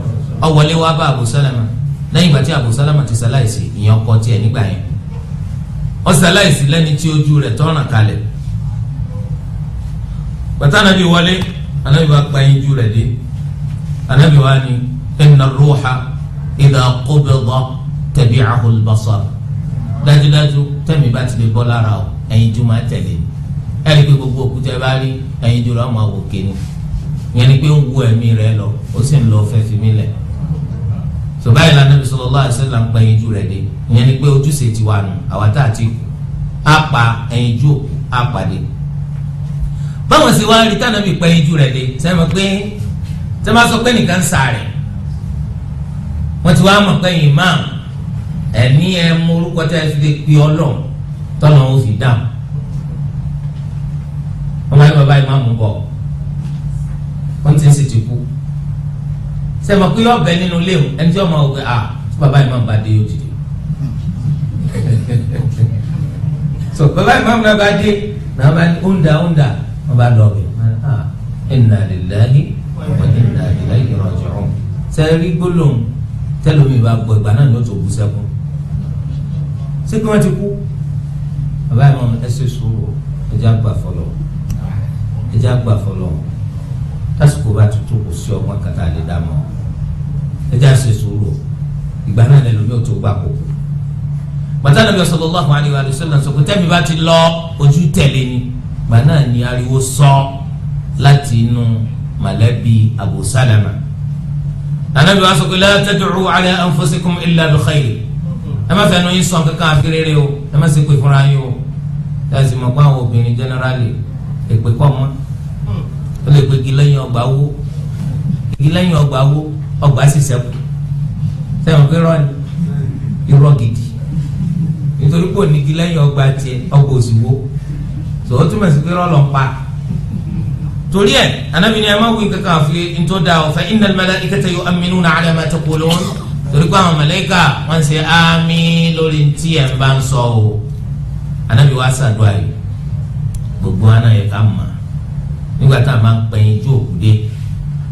ó wọlé bá abu salama. lẹ́yìn ìgbà tí abu salama ti ṣaláìsí ìyẹn ọkọ tiẹ̀ nígbà yẹn ó ṣaláìsí lẹ́ni tí ojú rẹ̀ tọ́ràn kalẹ̀ bàtà anabi wọlé anabi wa gba ẹyinjú rẹ̀ dé anabi wa ni inna ruha idha qubida dájúdájú tẹ̀mí bá ti lè bọ́ lára o ẹyinjú máa tẹ̀lé ẹ̀rí pé gbogbo òkúta bá rí ẹyinjú rẹ̀ ọmọ àwòké ni ìyẹn ni pé ń ẹ̀mí rẹ̀ lọ ó sì ń lọ fẹ́ fi mí lẹ̀. sallallahu alaihi wasallam ń pa ẹyinjú rẹ̀ dé ìyẹn ni pé ojúṣe ti wà nù àwátá àti apá ẹyinjú apàdé báwọn sì wá rí tànàbí pa ẹyinjú rẹ̀ dé sẹ́mi pé tẹ́ sọ pé nìkan ń sàárẹ̀ ti wá mọ̀ pé imam ẹ̀ní ẹ̀ mú orúkọ tẹ́ ẹ fi lè pe ọlọ́run tọ́nà ó fi dáhùn wọ́n máa ń bàbá imam bọ̀ wọ́n ti ń ṣètìkú sẹ́mi pé ọ̀bẹ nínú léwu ẹni tí wọ́n máa wọ pé ah bàbá imam bá dé yóò so bàbá imam náà bá dé náà bá ní onda ah, onda wọn bá lọ bẹ inna lillahi wa inna ilayhi raji'un sẹ́ẹ̀rí gbólóhùn tẹ́lómi bá gbọ́ ìgbà náà ni ó tó bú sẹ́kún ṣé kí wọ́n ti kú bàbá imam ẹ ṣe sùúrù ẹ jẹ́ àgbà fọlọ́ ẹ jẹ́ àgbà fọlọ́ lásìkò bá tuntun kò sí ọgbọ́n kàtà lè dá mọ́ ẹ jẹ́ ìgbà náà lẹ́nu mi ò tó gbà kó bàtà nàbí sallallahu alayhi wa sallam sọ pé tẹ́mi bá ti lọ ojú tẹ̀lé ni ìgbà náà ni ariwo sọ láti inú mọ̀lẹ́bí Abu Salama nànàbí wa sọ pé la tad'u ala anfusikum illa bi khair ẹ má fẹnu yín sọ kankan àfẹrẹrẹ o ẹ má ṣe pé fúnra yín o láti mọ̀ pé àwọn obìnrin jẹ́nẹ́rálì èpè kọ́ mọ́ ó lè pe igi lẹ́yìn ọgbà wo igi lẹ́yìn ọgbà wo ọgbà sì sẹ́kù sẹ́wọ̀n pé rọ́ọ̀nì irọ́ gidi nítorí pé onígi lẹ́yìn ọgbà tiẹ̀ ọgbà òsìwò tòun túmọ̀ sí pé rọ́ọ̀lọ́ ń pa torí ẹ̀ anábì ni ẹ máa wí kankan àfi ntọ́ da ọ fa innal malaikata yu'minuna ala ma taqulun torí pé àwọn màláíkà wọ́n ṣe ámì lórí ntí ẹ̀ ń bá ń sọ o anábì wa ṣàdúrà yìí gbogbo àná yẹ ká mọ̀ nígbà tá máa ń pẹ̀yìn jó dé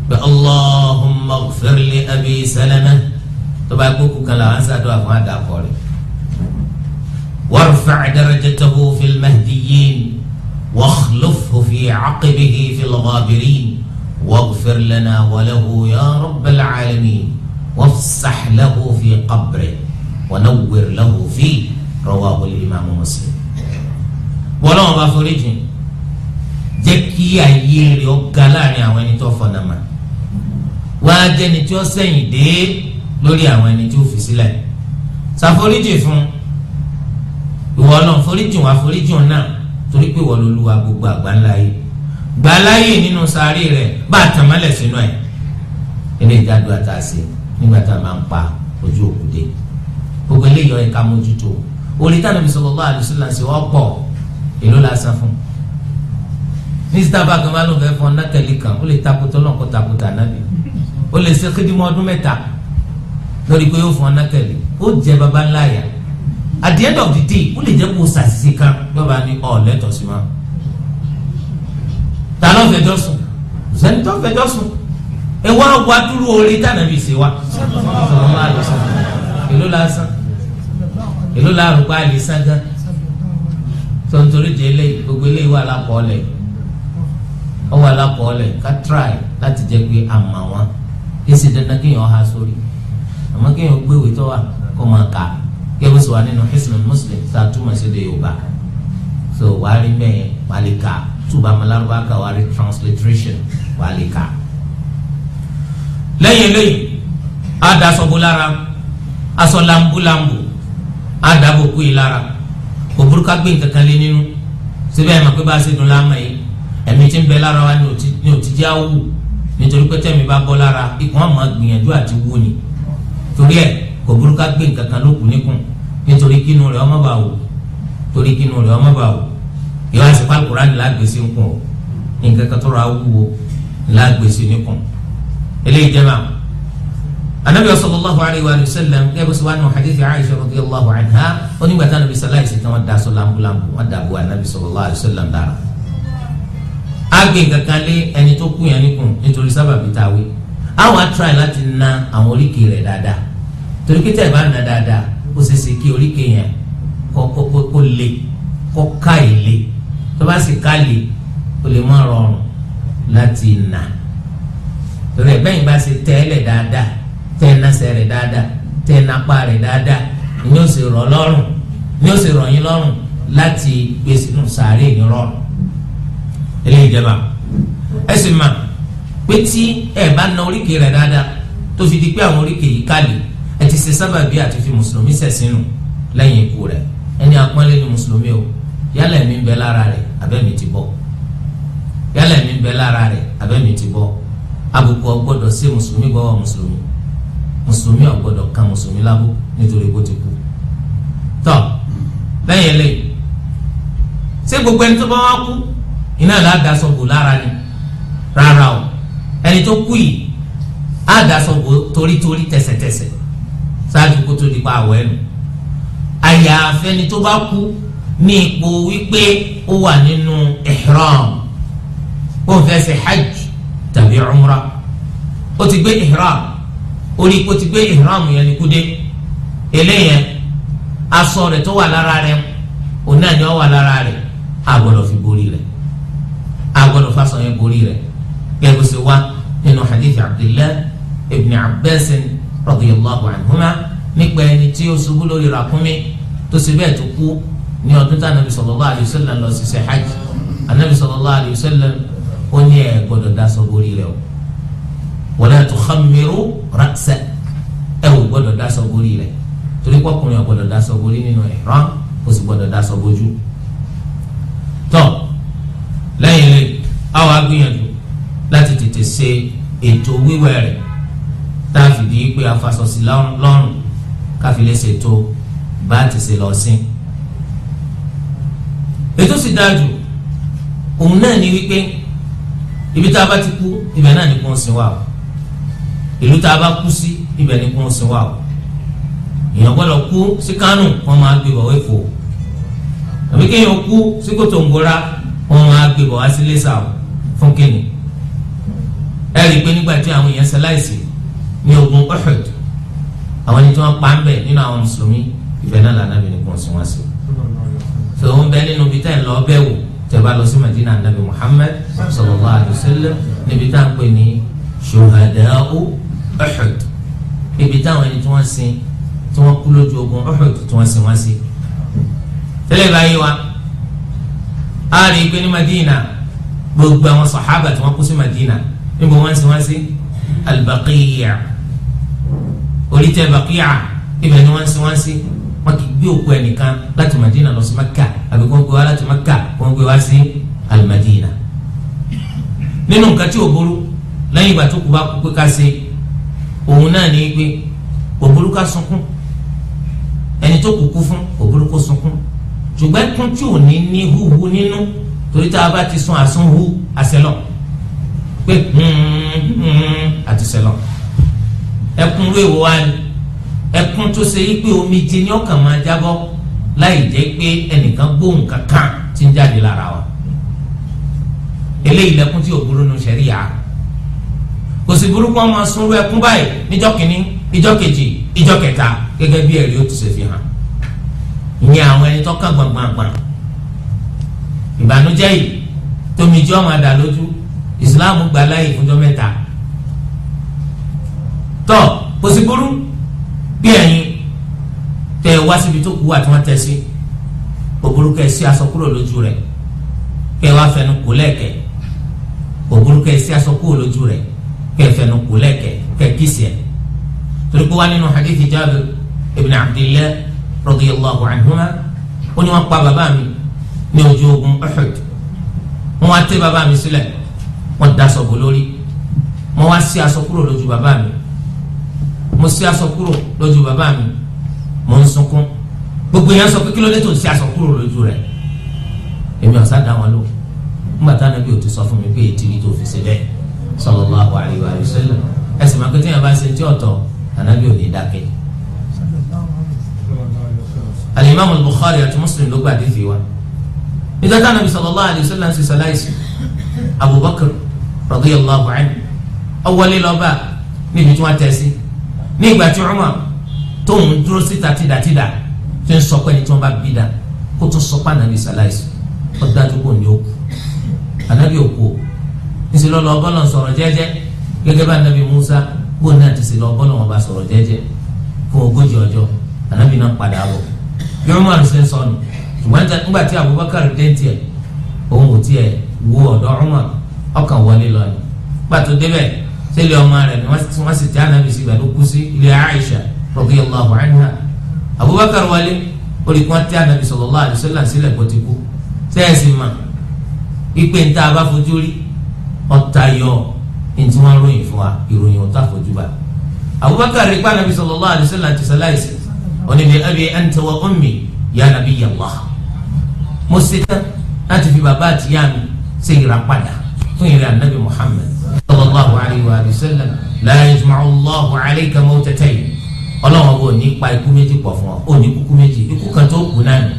pé allahumma ighfir li salama tó bá gbókù kan làwọn ṣàdúrà fún àdàkọ rẹ. warfa' darajatahu fil mahdiyyin wakhlufhu fi aqibihi fil ghabirin waghfir lana walahu ya rabbal alamin wafsah lahu fi qabrihi wanawwir lahu fi rawahu al-imam muslim. wọ́n náà wọ́n bá forí jìn jẹ́ kí ayé rẹ̀ láàrin àwọn ẹni tó fọ̀nà mà wọ́n á jẹ́ni tí ó sẹ́yìn dé lórí àwọn ẹni tí ó fi sílẹ̀ ṣàforíjì fún ìwọ náà foríjì wọn àforíjì wọn náà torí pé ìwọ lolúwa gbogbo àgbáńlá yìí gbàláyè nínú sáré rẹ bá a tàn mọ́lẹ̀ sínú ẹ̀ ilé ìdádúrà tá a ṣe nígbà tá a máa ń pa ojú òkúté gbogbo eléyìí ọ̀yẹ́ ká mójútó orí táwọn ibi sọ̀rọ̀ bá àdùsílà ṣe wọ́n pọ̀ èló lásán fún ní sítábà kan fẹ́ fọ́n nákẹ́lì kan ó lè takùtà ọlọ́nkọ́ takùtà náà ó lè ṣe kídìmọ́ ọdún mẹ́ta lórí pé yóò fún ọ nákẹlẹ ó jẹ baba ńlá yà at the end of the day ó lè jẹ kó sàṣìṣe kan lọba ní ọ lẹtọ sí ma ta ló fẹjọ́ sùn sẹni tó fẹjọ́ sùn ẹ wá wá dúró orí tànàbí ṣe wá èló la san èló la rò pé a lè san gan tó ń torí jẹ eléyìí gbogbo eléyìí wà lápọ̀ọ́lẹ̀ ọ wà lápọ̀ọ́lẹ̀ ká try láti jẹ́ pé àmà wọn èsì dandan kéèyàn ha sórí àmọ́ kéèyàn gbé ìwé tó wà kó máa kà kébù sọ wà nínú Hisnul Muslim tá a túmọ̀ sí de Yorùbá so wàá rí mẹ́yẹn wàá lè kà túbà malárúbá kà wàá rí transliteration wàá lè kà. lẹ́yìn lẹ́yìn á da sọ́bù lára aṣọ làǹbùlàǹbù á da bòkú yìí lára kò burúkú á gbé nǹkan kan lé nínú síbẹ̀ ẹ̀ mọ̀ pé bá a ṣe dùn láàmà yìí ẹ̀mí tí ń bẹ lára wa ni ò ti jẹ́ àwù nítorí pé tẹ̀mí bá bọ́ lára ikùn àmọ́ gbìyànjú àti wú torí ẹ kò burúkú gbé nǹkan kan lókun níkùn nítorí kínú rẹ ọmọ bá wò torí kínú rẹ ọmọ bá wò yọ àsìkò alukurani lágbèsè ńkùn o nǹkan kan tọrọ awúwo lágbèsè níkùn eléyìí jẹ́ máa anabi sallallahu alayhi wa sallam kẹ́ẹ́ bó sọ wá nù hadithi aisha radiyallahu anha onígbàtà anabi sallallahu alayhi wa sallam wọn daṣọ lambulambu wọn dàbò anabi sallallahu alayhi wa sallam dára. agbe kankan lé ẹni tó kú yẹn níkùn nítorí sábàbí táwé àwọn atúráì láti na àwọn oríkèé rẹ̀ dáadáa torí pé tẹ̀ bá nà dáadáa ó ṣe ṣe kí oríkè yẹn kó le kó ká ìle tó bá sì ká le ó lè má rọrùn láti nà torí ẹ̀ bẹ́yìn bá ṣe tẹ́lẹ̀ dáadáa tẹ́ nasẹ̀ rẹ̀ dáadáa tẹ́ napa rẹ̀ dáadáa ni ó sì rọ̀ lọ́rùn ni ó sì rọ̀ yín lọ́rùn láti gbé sínú sàárè yín rọrùn eléyìí jẹba ẹ sì mà pé tí ẹ bá na oríkèé rẹ̀ dáadáa tó fi di pé àwọn oríkèé yìí kálí ẹ ti ṣe sábàbí àti fi mùsùlùmí sẹ̀sínù lẹ́yìn ikú rẹ̀ ẹni àpọ́nlé ni mùsùlùmí o yálà ẹ̀mí ń bẹ lára rẹ̀ abẹ́mi ti bọ́ yálà ẹ̀mí ń bẹ lára rẹ̀ abẹ́mi ti bọ́ àbùkù ọgbọ́dọ̀ sí mùsùlùmí gbọ́wọ́ mùsùlùmí mùsùlùmí ọgbọ́dọ̀ kan mùsùlùmí lábú nítorí kó ti kú tọ́ lẹ́yìn eléyìí ṣé gbogbo ẹni tó bá wá kú iná ládàásọ bò lára ni rárá o ẹni tó kú yìí á torítorí tẹ̀sẹ̀tẹ̀sẹ̀ ṣáájú kó tó di pa àwọ̀ ẹnu àyàfẹ́ni tó bá kú ní ipò wípé ó wà nínú ihram ó ń fẹ́ ṣe hajj tàbí umra ó ti gbé ihram orí kó ti gbé ihram yẹn ní kúdé eléyẹn aṣọ rẹ̀ tó wà lára rẹ̀ òun náà wà lára rẹ̀ àgbọ̀dọ̀ fi borí rẹ̀ àgbọ̀dọ̀ fásọ yẹn borí rẹ̀ gẹ́gẹ́ bó nínú hadith abdullahi ibn abbas ni radiyallahu anhuma nípa ẹni tí ó ṣubú lórí ràkúnmí tó ṣe bẹ́ẹ̀ tó kú ní ọdún tá anabi sallallahu alayhi wa sallam lọ ṣiṣẹ́ hajj anabi sallallahu alayhi wa sallam ó ní ẹ gbọ́dọ̀ daṣọ borí rẹ o wala tukhammiru ra'sa ẹ ò gbọ́dọ̀ daṣọ borí rẹ torí pọkùnrin ò gbọ́dọ̀ daṣọ borí nínú ihram ó sì gbọ́dọ̀ daṣọ bojú tọ lẹ́yìn rẹ àwọn agbìyànjú láti tètè ṣe ètò wíwẹ̀ rẹ̀ táàfì di pé afasọ̀sí lọ́rùn káfí lè ṣètò bá ti ṣe lọ sí. ètò sì dájú òun náà ni wípé ibi tá a bá ti kú ibẹ̀ náà ni kò ń sin wà o ìlú tá a bá kú sí ibẹ̀ ni kò ń sin wà o èèyàn gbọ́dọ̀ kú sí Kánò wọ́n máa gbé bọ̀ wé fò àbí kéèyàn kú sí Kòtòǹgòrà wọ́n máa gbé bọ̀ wá sí Iléṣà fún kínní ẹ rí i pé nígbà tí àwọn èèyàn ṣe láìsí ní ogun Uhud àwọn ẹni tí wọ́n pa ń bẹ̀ nínú àwọn mùsùlùmí ìfẹ́ náà lànà bí nìkan sí wọn sí so ń bẹ nínú bí táyìn lọ́ọ́ bẹ̀ wò tẹ́ bá lọ sí Madina anabi Muhammad sallallahu alayhi wa sallam níbi tá à ń pè ní shuhadau Uhud níbi táwọn ẹni tí wọ́n sin tí wọ́n kú lójú ogun Uhud tí wọ́n sin wọn sí tẹ́lẹ̀ báyìí wa a rí i pé ní Madina gbogbo àwọn sàhábà tí wọ́n kú sí Madina níbo wọ́n sin wọn sí al orí tẹ bàkíyà ibẹ̀ ni wọ́n sí wọ́n sí wọ́n kì í gbé òkú ẹnìkan láti madina lọ sí maka àbí kò ń gbé wá láti maka kò ń gbé wá sí alimadina nínú nǹkan tí ò burú lẹ́yìn ìgbà tó kù bá kú pé ká ṣe òun náà ní pé kò burú ká sunkún ẹni tó kù kú fún kò burú kó sunkún ṣùgbọ́n ẹkún tí ò ní ní húhu nínú torí tá a bá ti sun àsunhu àṣẹlọ pé hmm, hmm, hmm, àti ṣẹlọ ẹkún ló èwo wa ni ẹkún tó ṣe yí pé omijé ni ọkàn máa jábọ́ láì jẹ́ pé ẹnìkan gbóhùn kankan ti ń jáde lára wa eléyìí lẹkún tí ò burú nu ṣẹ̀ríyà kò sì burúkú ọmọ sunrú ẹkún báyìí níjọ́ kìíní ìjọ́ kejì ìjọ́ kẹta gẹ́gẹ́ bí ẹ̀rí ó ti ṣe fi hàn ìyẹn àwọn ẹni tó kàn gbàngbàngbàn ìbànújẹ́ yìí tómijé ọmọ àdá lójú ìsìláàmù gbà láyè fúnjọ́ mẹ́ta tọ́ kò sí burú bí ẹ̀yin tẹ wá síbi tó kú àti wọ́n tẹ sí kò burú kẹ́ ẹ sí aṣọ kúrò lójú rẹ̀ kẹ́ wá fẹnu kò lẹ́ẹ̀kẹ́ kò sí aṣọ lójú rẹ̀ kẹ́ fẹnu kò lẹ́ẹ̀kẹ́ kẹ́ ẹ kíìsì ẹ̀ torí kó wá nínú hadith Jabir ibn Abdillah radiyallahu anhuma ó ní wọ́n pa bàbá mi ní ojú ogun Uhud wọ́n wá tẹ́ bàbá mi sílẹ̀ wọ́n daṣọ bò lórí wọ́n wá sí aṣọ lójú bàbá mi mo sí aṣọ kúrò lójú bàbá mi mo ń sunkún gbogbo yẹn sọ pé kí ló dé tó sí aṣọ kúrò lójú rẹ èmi ọ̀sá dá wọn lò nígbà táwọn ẹbí ò ti sọ fún mi pé ètí rí tó fi ṣe bẹ́ẹ̀ sallallahu alaihi wa sallam ẹsìn máa pété yẹn bá ṣe tí ọ̀tọ̀ ànábì ò ní dákẹ́. alimami Bukhari àti Muslim ló gbàdé fi wa nígbà táwọn ẹbí sallallahu alaihi wa sallam ṣe ṣaláìsì Abubakar radiyallahu anhu ọwọ́lé lọ́ba níbi tí wọ́n tẹ̀ sí. ní ìgbà tí Umar tóun dúró síta tìdàtìdà fi ń sọ pé ẹni tí wọ́n bá bí dà kó tó sọ pé ànábì sàláìsì dájú kó ní òkú jeje, òkú níṣẹ́ lọ́lọ́ Musa bó náà ti ṣe lọ ọgọ́lọ́ wọn jeje, sọ̀rọ̀ jẹ́jẹ́ fún ogójì ọjọ́ ànábì náà padà bọ̀ bí Umar ṣe ń sọnù ṣùgbọ́n Abubakar dé tiẹ̀ òun ò tiẹ̀ wo ọ̀dọ̀ ọkàn wọlé lọ ni pàtó débẹ̀ tẹ́lẹ̀ ọmọ rẹ̀ ni wọ́n sì tẹ́ ànábì sí ìgbàlú kú sí ilé Aisha radiyallahu anha Abubakar wálé olùkọ́ tẹ́ ànábì sallallahu alaihi wasallam sílẹ̀ kó ti kú sẹ́ẹ̀sì mà ìpè ń tá a bá fojú rí ọ̀tá yọ ní tí wọ́n ròyìn fún wa ìròyìn ọ̀tá fojú bá Abubakar rí pa ànábì sallallahu alaihi wasallam ti sàláìsì òní bi abi anta wa ummi ya nabiyallah mo ṣetán láti fi sallallahu alayhi wa sallam la yajma'u Allahu alayka mawtatayn ọlọ́wọ́n bò ní pa ikú méjì pọ̀ fún ọ ò ní kúkú méjì ikú kan tó kú náà ni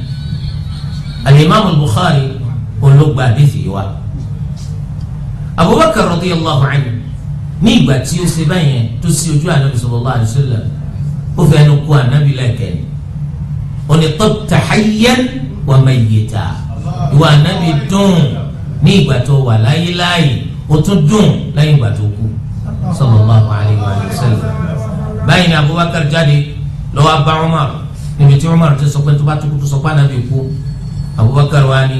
alimami Bukhari olóògbé àdéfì wa Abubakar radiyallahu anhu ní ìgbà tí ó ṣe báyẹn tó ṣe ojú ànábi sallallahu alayhi wa sallam ó fẹ́ ẹnu kú ànábi lẹ́kẹ̀ẹ́ ni òní tọ́ta hayyan wa ìwà ànábi dùn ní ìgbà tó wà láyé láyé ó tún dùn lẹ́yìn ìgbà tó kú sallallahu alaihi wa sallam báyìí ni Abubakar jáde lọ́wọ́ abá Umar níbi tí Umar ti sọ pé tó bá tó kú tó sọ pé ànábì kú Abubakar wa ni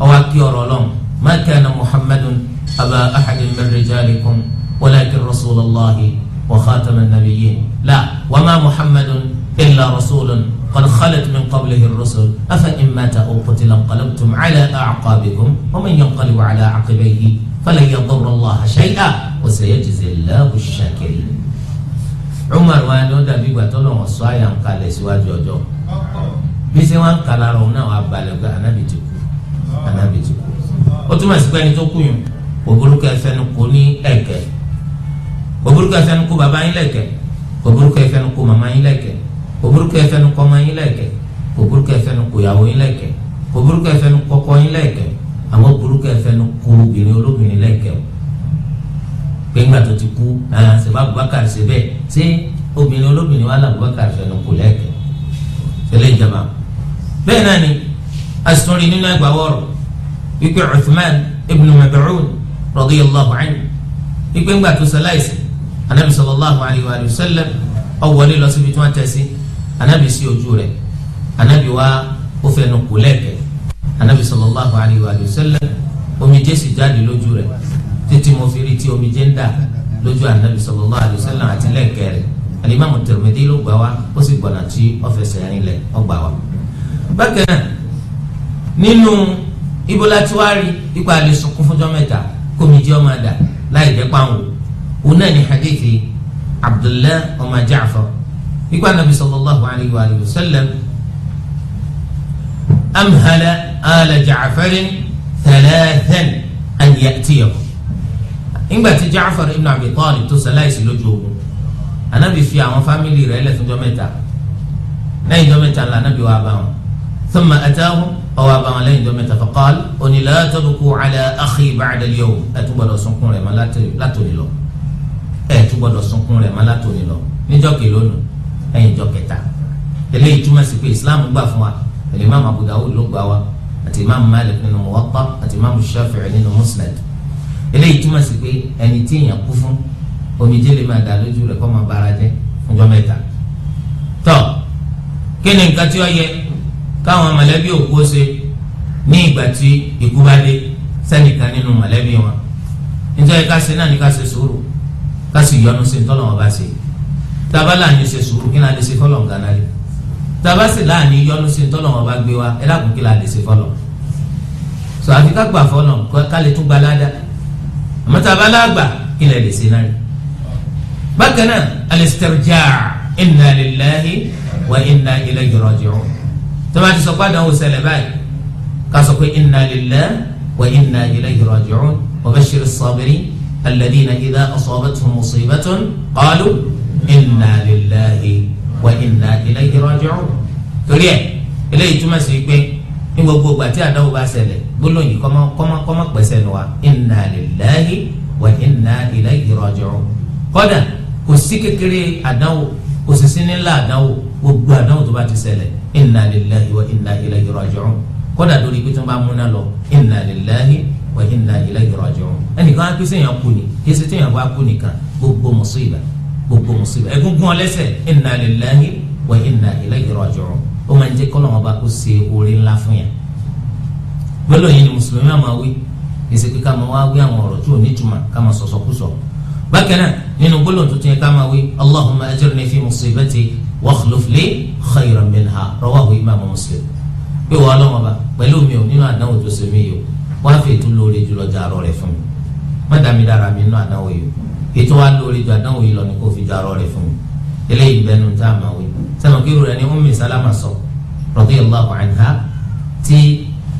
ọwọ́ akí ọ̀rọ̀ lọ́n ma kana Muhammadun aba ahadin min rijalikum walakin rasulallahi wa khataman nabiyyin la wa ma Muhammadun illa rasulun قد خلت من قبله الرسل أفإن مات أو قتل انقلبتم على أعقابكم ومن ينقلب على عقبيه fala yadurra Allah shay'an wa sayajzi Allahu shakirin. Umar wa ni ó dàbí ìgbà tó lọ́wọ́ sọ àyà ń kalẹ̀ síwájú ọjọ́ bí ṣe wá ń kà lára òun náà wà balẹ̀ pé anábì ti kú anábì ti kú ó túmọ̀ sí pé ẹni tó kú yùn kò burúkú ẹfẹ́nu kú ní ẹ̀kẹ́ kò burúkú ẹfẹ́nu kú bàbá yín lẹ̀kẹ́ kò burúkú ẹfẹ́nu kú màmá yín lẹ̀kẹ́ kò burúkú ẹfẹ́nu kọ́ ọmọ yín lẹ̀kẹ́ kò burúkú ẹfẹ́nu kú ìyàwó yín lẹ̀kẹ́ kò burúkú ẹfẹ́nu kọ́kọ́ yín lẹ̀kẹ́ àwọn burúkú ẹ̀fẹ́nu kó obìnrin olóbìnrin lẹ́kẹ̀ọ́ pé ńgbà tó ti kú ṣèbá Abubakar ṣe bẹ́ẹ̀ ṣé obìnrin olóbìnrin wà lábùbákàrẹ̀ fẹ́nu kó lẹ́kẹ̀ọ́ ṣẹlẹ̀ ìjàmbá bẹ́ẹ̀ náà ni asitọ́rì nínú ẹgbàá wọ̀rọ̀ wípé Uthman ibn Mad'un radiyallahu anhu wípé ńgbà tó sẹláìsì anabi sallallahu alayhi wa sallam ọwọlé lọ síbi tí wọ́n tẹ̀ sí anabi sí ojú rẹ̀ anabi wa ó fẹ́nu kó lẹ́kẹ̀ọ́ anabi sallallahu alayhi wa sallam omijé sì jáde lójú rẹ̀ títí mo fi rí tí omijé ń dà lójú anabi sallallahu alayhi wa sallam àti lẹ́ẹ̀kẹ́ rẹ̀ alimami Tirmidhi ló gbà wá ó sì gbọ̀nà tí ọ̀fẹsẹ̀ rìn lẹ̀ ó gbà wá. bákan náà nínú ibola tí wàá rí ipa àlè sunkún fúnjọ́ mẹ́ta kòmíjé ọmọ àdá láì jẹ́ pàwọn òun náà ní hadithi abdullahi ọmọ Ja'far ipa anabi sallallahu alayhi wa sallam. أمهل آل جعفر ثلاثا أن يأتيهم nígbà tí Jaafar ibn Abi Talib tó ṣaláìsí lójú ogun anabi fi àwọn fámìlì rẹ̀ lẹ́sùn jọ mẹ́ta lẹ́yìn jọ mẹ́ta ńlá anabi wà bá wọn thumma atahum ọwọ́ bá wọn lẹ́yìn jọ mẹ́ta faqal oni la tabku ala akhi ba'da al-yawm ẹ̀ tún gbọ́dọ̀ sunkún rẹ̀ mọ́ látòní lọ ẹ̀ tún gbọ́dọ̀ sunkún rẹ̀ mọ́ látòní lọ níjọ́ kìlónù ẹ̀yìn jọ kẹta eléyìí túmọ̀ sí pé Islam gbà fún wa Imam Abu Dawud ló gbà wá àti Imam Malik nínú Muwatta àti Imam Shafi'i nínú Musnad eléyìí túmọ̀ sí pé ẹni tí èèyàn kú fún omijé lè máa dà lójú rẹ̀ kọ́ máa bára jẹ́ fúnjọ́ mẹ́ta tọ́ kí ni nǹkan tí ó yẹ káwọn mọ̀lẹ́bí òkú ó ṣe ní ìgbà tí ikú bá dé sẹ́nìkan nínú mọ̀lẹ́bí wọn nítorí ká ṣe náà ní ká ṣe sùúrù ká sì yọnu sí ní tọ́lọ́wọ́n bá ṣe tábàlà ní ṣe sùúrù kí ni a lè ṣe fọlọ́ǹgànà lè tabasi láàánú yọnu sí tọ́lọ̀ wọn bá gbé wa ẹ lákùn kí la lè ṣe fọlọ̀ sọ àfi ká gbà fọlọ̀ ká lè tún gba ládàá àmọ́ tá a bá lágbà kí lè lè ṣe náà rí bákan náà alistarjaa inna lillahi wa inna ilayhi raji'un tọ́ba ti sọ pé àdánwò ṣẹlẹ̀ báyìí ká sọ pé inna lillahi wa inna ilayhi raji'un wa bashiri sabirin alladhina idha asabatuhum musibatun qalu inna lillahi wa inna ilayhi raji'un torí ẹ eléyìí túmọ̀ sí pé ní gbogbo ìgbà tí àdáwò bá ṣẹlẹ̀ gbólóyìn kọ́mọ pẹ̀sẹ̀ nù wa inna lillahi wa inna ilayhi raji'un kọ́dà kò sí kékeré àdáwò kò sì sí nílá àdáwò gbogbo àdáwò tó bá ti ṣẹlẹ̀ inna lillahi wa inna ilayhi raji'un kọ́dà lórí pé tó bá múná lọ inna lillahi wa inna ilayhi raji'un ẹnìkan gbogbo mùsùlùmí egungun ọlẹ́sẹ̀ inna lillahi wa inna ilayhi raji'un ó máa ń jẹ́ kọ́ lọ́wọ́ bá kó ṣe orí ńlá fún yẹn gbọ́dọ̀ yẹn ni mùsùlùmí àmọ́ wí èsì pé ká máa wá wí àwọn ọ̀rọ̀ tí ò ní túmọ̀ ká máa sọ̀sọ̀ kú sọ bákan náà nínú gbólóhùn tuntun yẹn ká máa wí allahumma ajirni fi musibati wakhluf li khayran minha rawahu imaamu muslim pé wàá lọ́wọ́ bá pẹ̀lú mi ò nínú àdánwò tó ṣe mí yìí o wọ́n fi ètò lóore jùlọ jà àrọ̀ fún mi má dàmí dára mi nínú àdánwò yìí o ètò wa lórí ju àdánwò yìí lọ ni kò fi ju arọ rẹ fún mi eléyìí bẹnu tá a máa wí sẹ́nu kí irú rẹ ni Ummi Salama sọ radiyallahu anha tí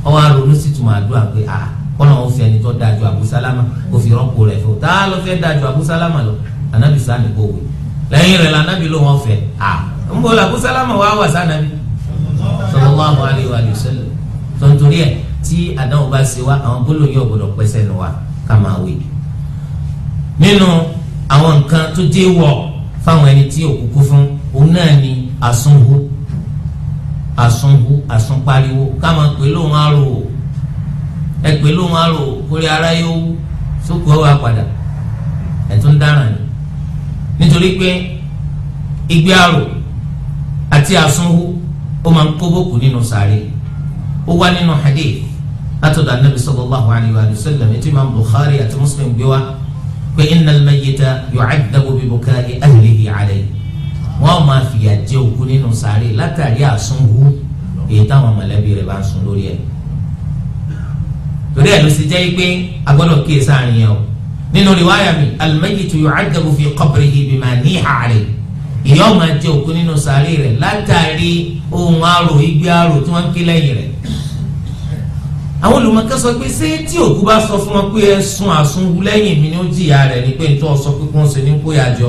ọwọ́ aronú sì tún máa dúà pé a ah, kọ́nà ó fi ẹni tó dáa ju Abu Salama kò fi rọ́pò rẹ fún tá a lọ fẹ́ dáa ju Abu Salama lọ anabi sani kò wí lẹ́yìn rẹ̀ la anabi ló wọn fẹ́ a ah, ń bọ̀ Abu Salama wà wà sànàbí sallallahu alayhi wa sallam tontori ẹ̀ tí àdánwò bá ṣe wa àwọn gbólóyè ọ̀gbọ̀dọ̀ nínú àwọn nǹkan tó dé wọ̀ fáwọn ẹni tí òkú fún òun náà ni àsunhu àsunhu àsunpariwo ká máa pè lóhun àrò ẹ pè lóhun àrò kórè ara yóò wú sókò ọwọ́ apàdà ẹ̀tún dára ni nítorí pé igbe àrò àti àsunhu ó máa ń kó bókù nínú sàárè ó wá nínú hadith látọ̀dọ̀ anabi sallallahu alayhi wa sallam ètò ìmáàmù Bukhari àti Muslim gbé wá pé innal mayyita yu'adhabu bi buka'i ahlihi alayhi wọ́n máa fìyà jẹ òkú nínú sàárè látàrí àsunwó èyí táwọn mọ̀lẹ́bí rẹ̀ bá ń sun lórí ẹ̀ torí ẹ̀ ló ṣe jẹ́ pé agbọ́dọ̀ kíyè sáàrin yẹn o nínú riwaya mi al-mayyitu yu'adhabu fi qabrihi bima niha alayhi ìyá ọmọ jẹ òkú nínú sàárè rẹ̀ látàrí ohun arò igbe arò tí wọ́n kí lẹ́yìn rẹ̀ àwọn olùmọ̀kẹ́ sọ pé ṣé tí òkú bá sọ fún wọn pé ẹ sun àsunwù lẹ́yìn mi ni ó jìyà rẹ̀ ni pé nítorí ọ̀sọ́ pípọ́n ṣe ní kóyà jọ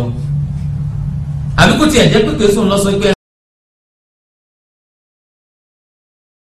àbí kó tiẹ̀ jẹ́ pé pé sóun lọ pé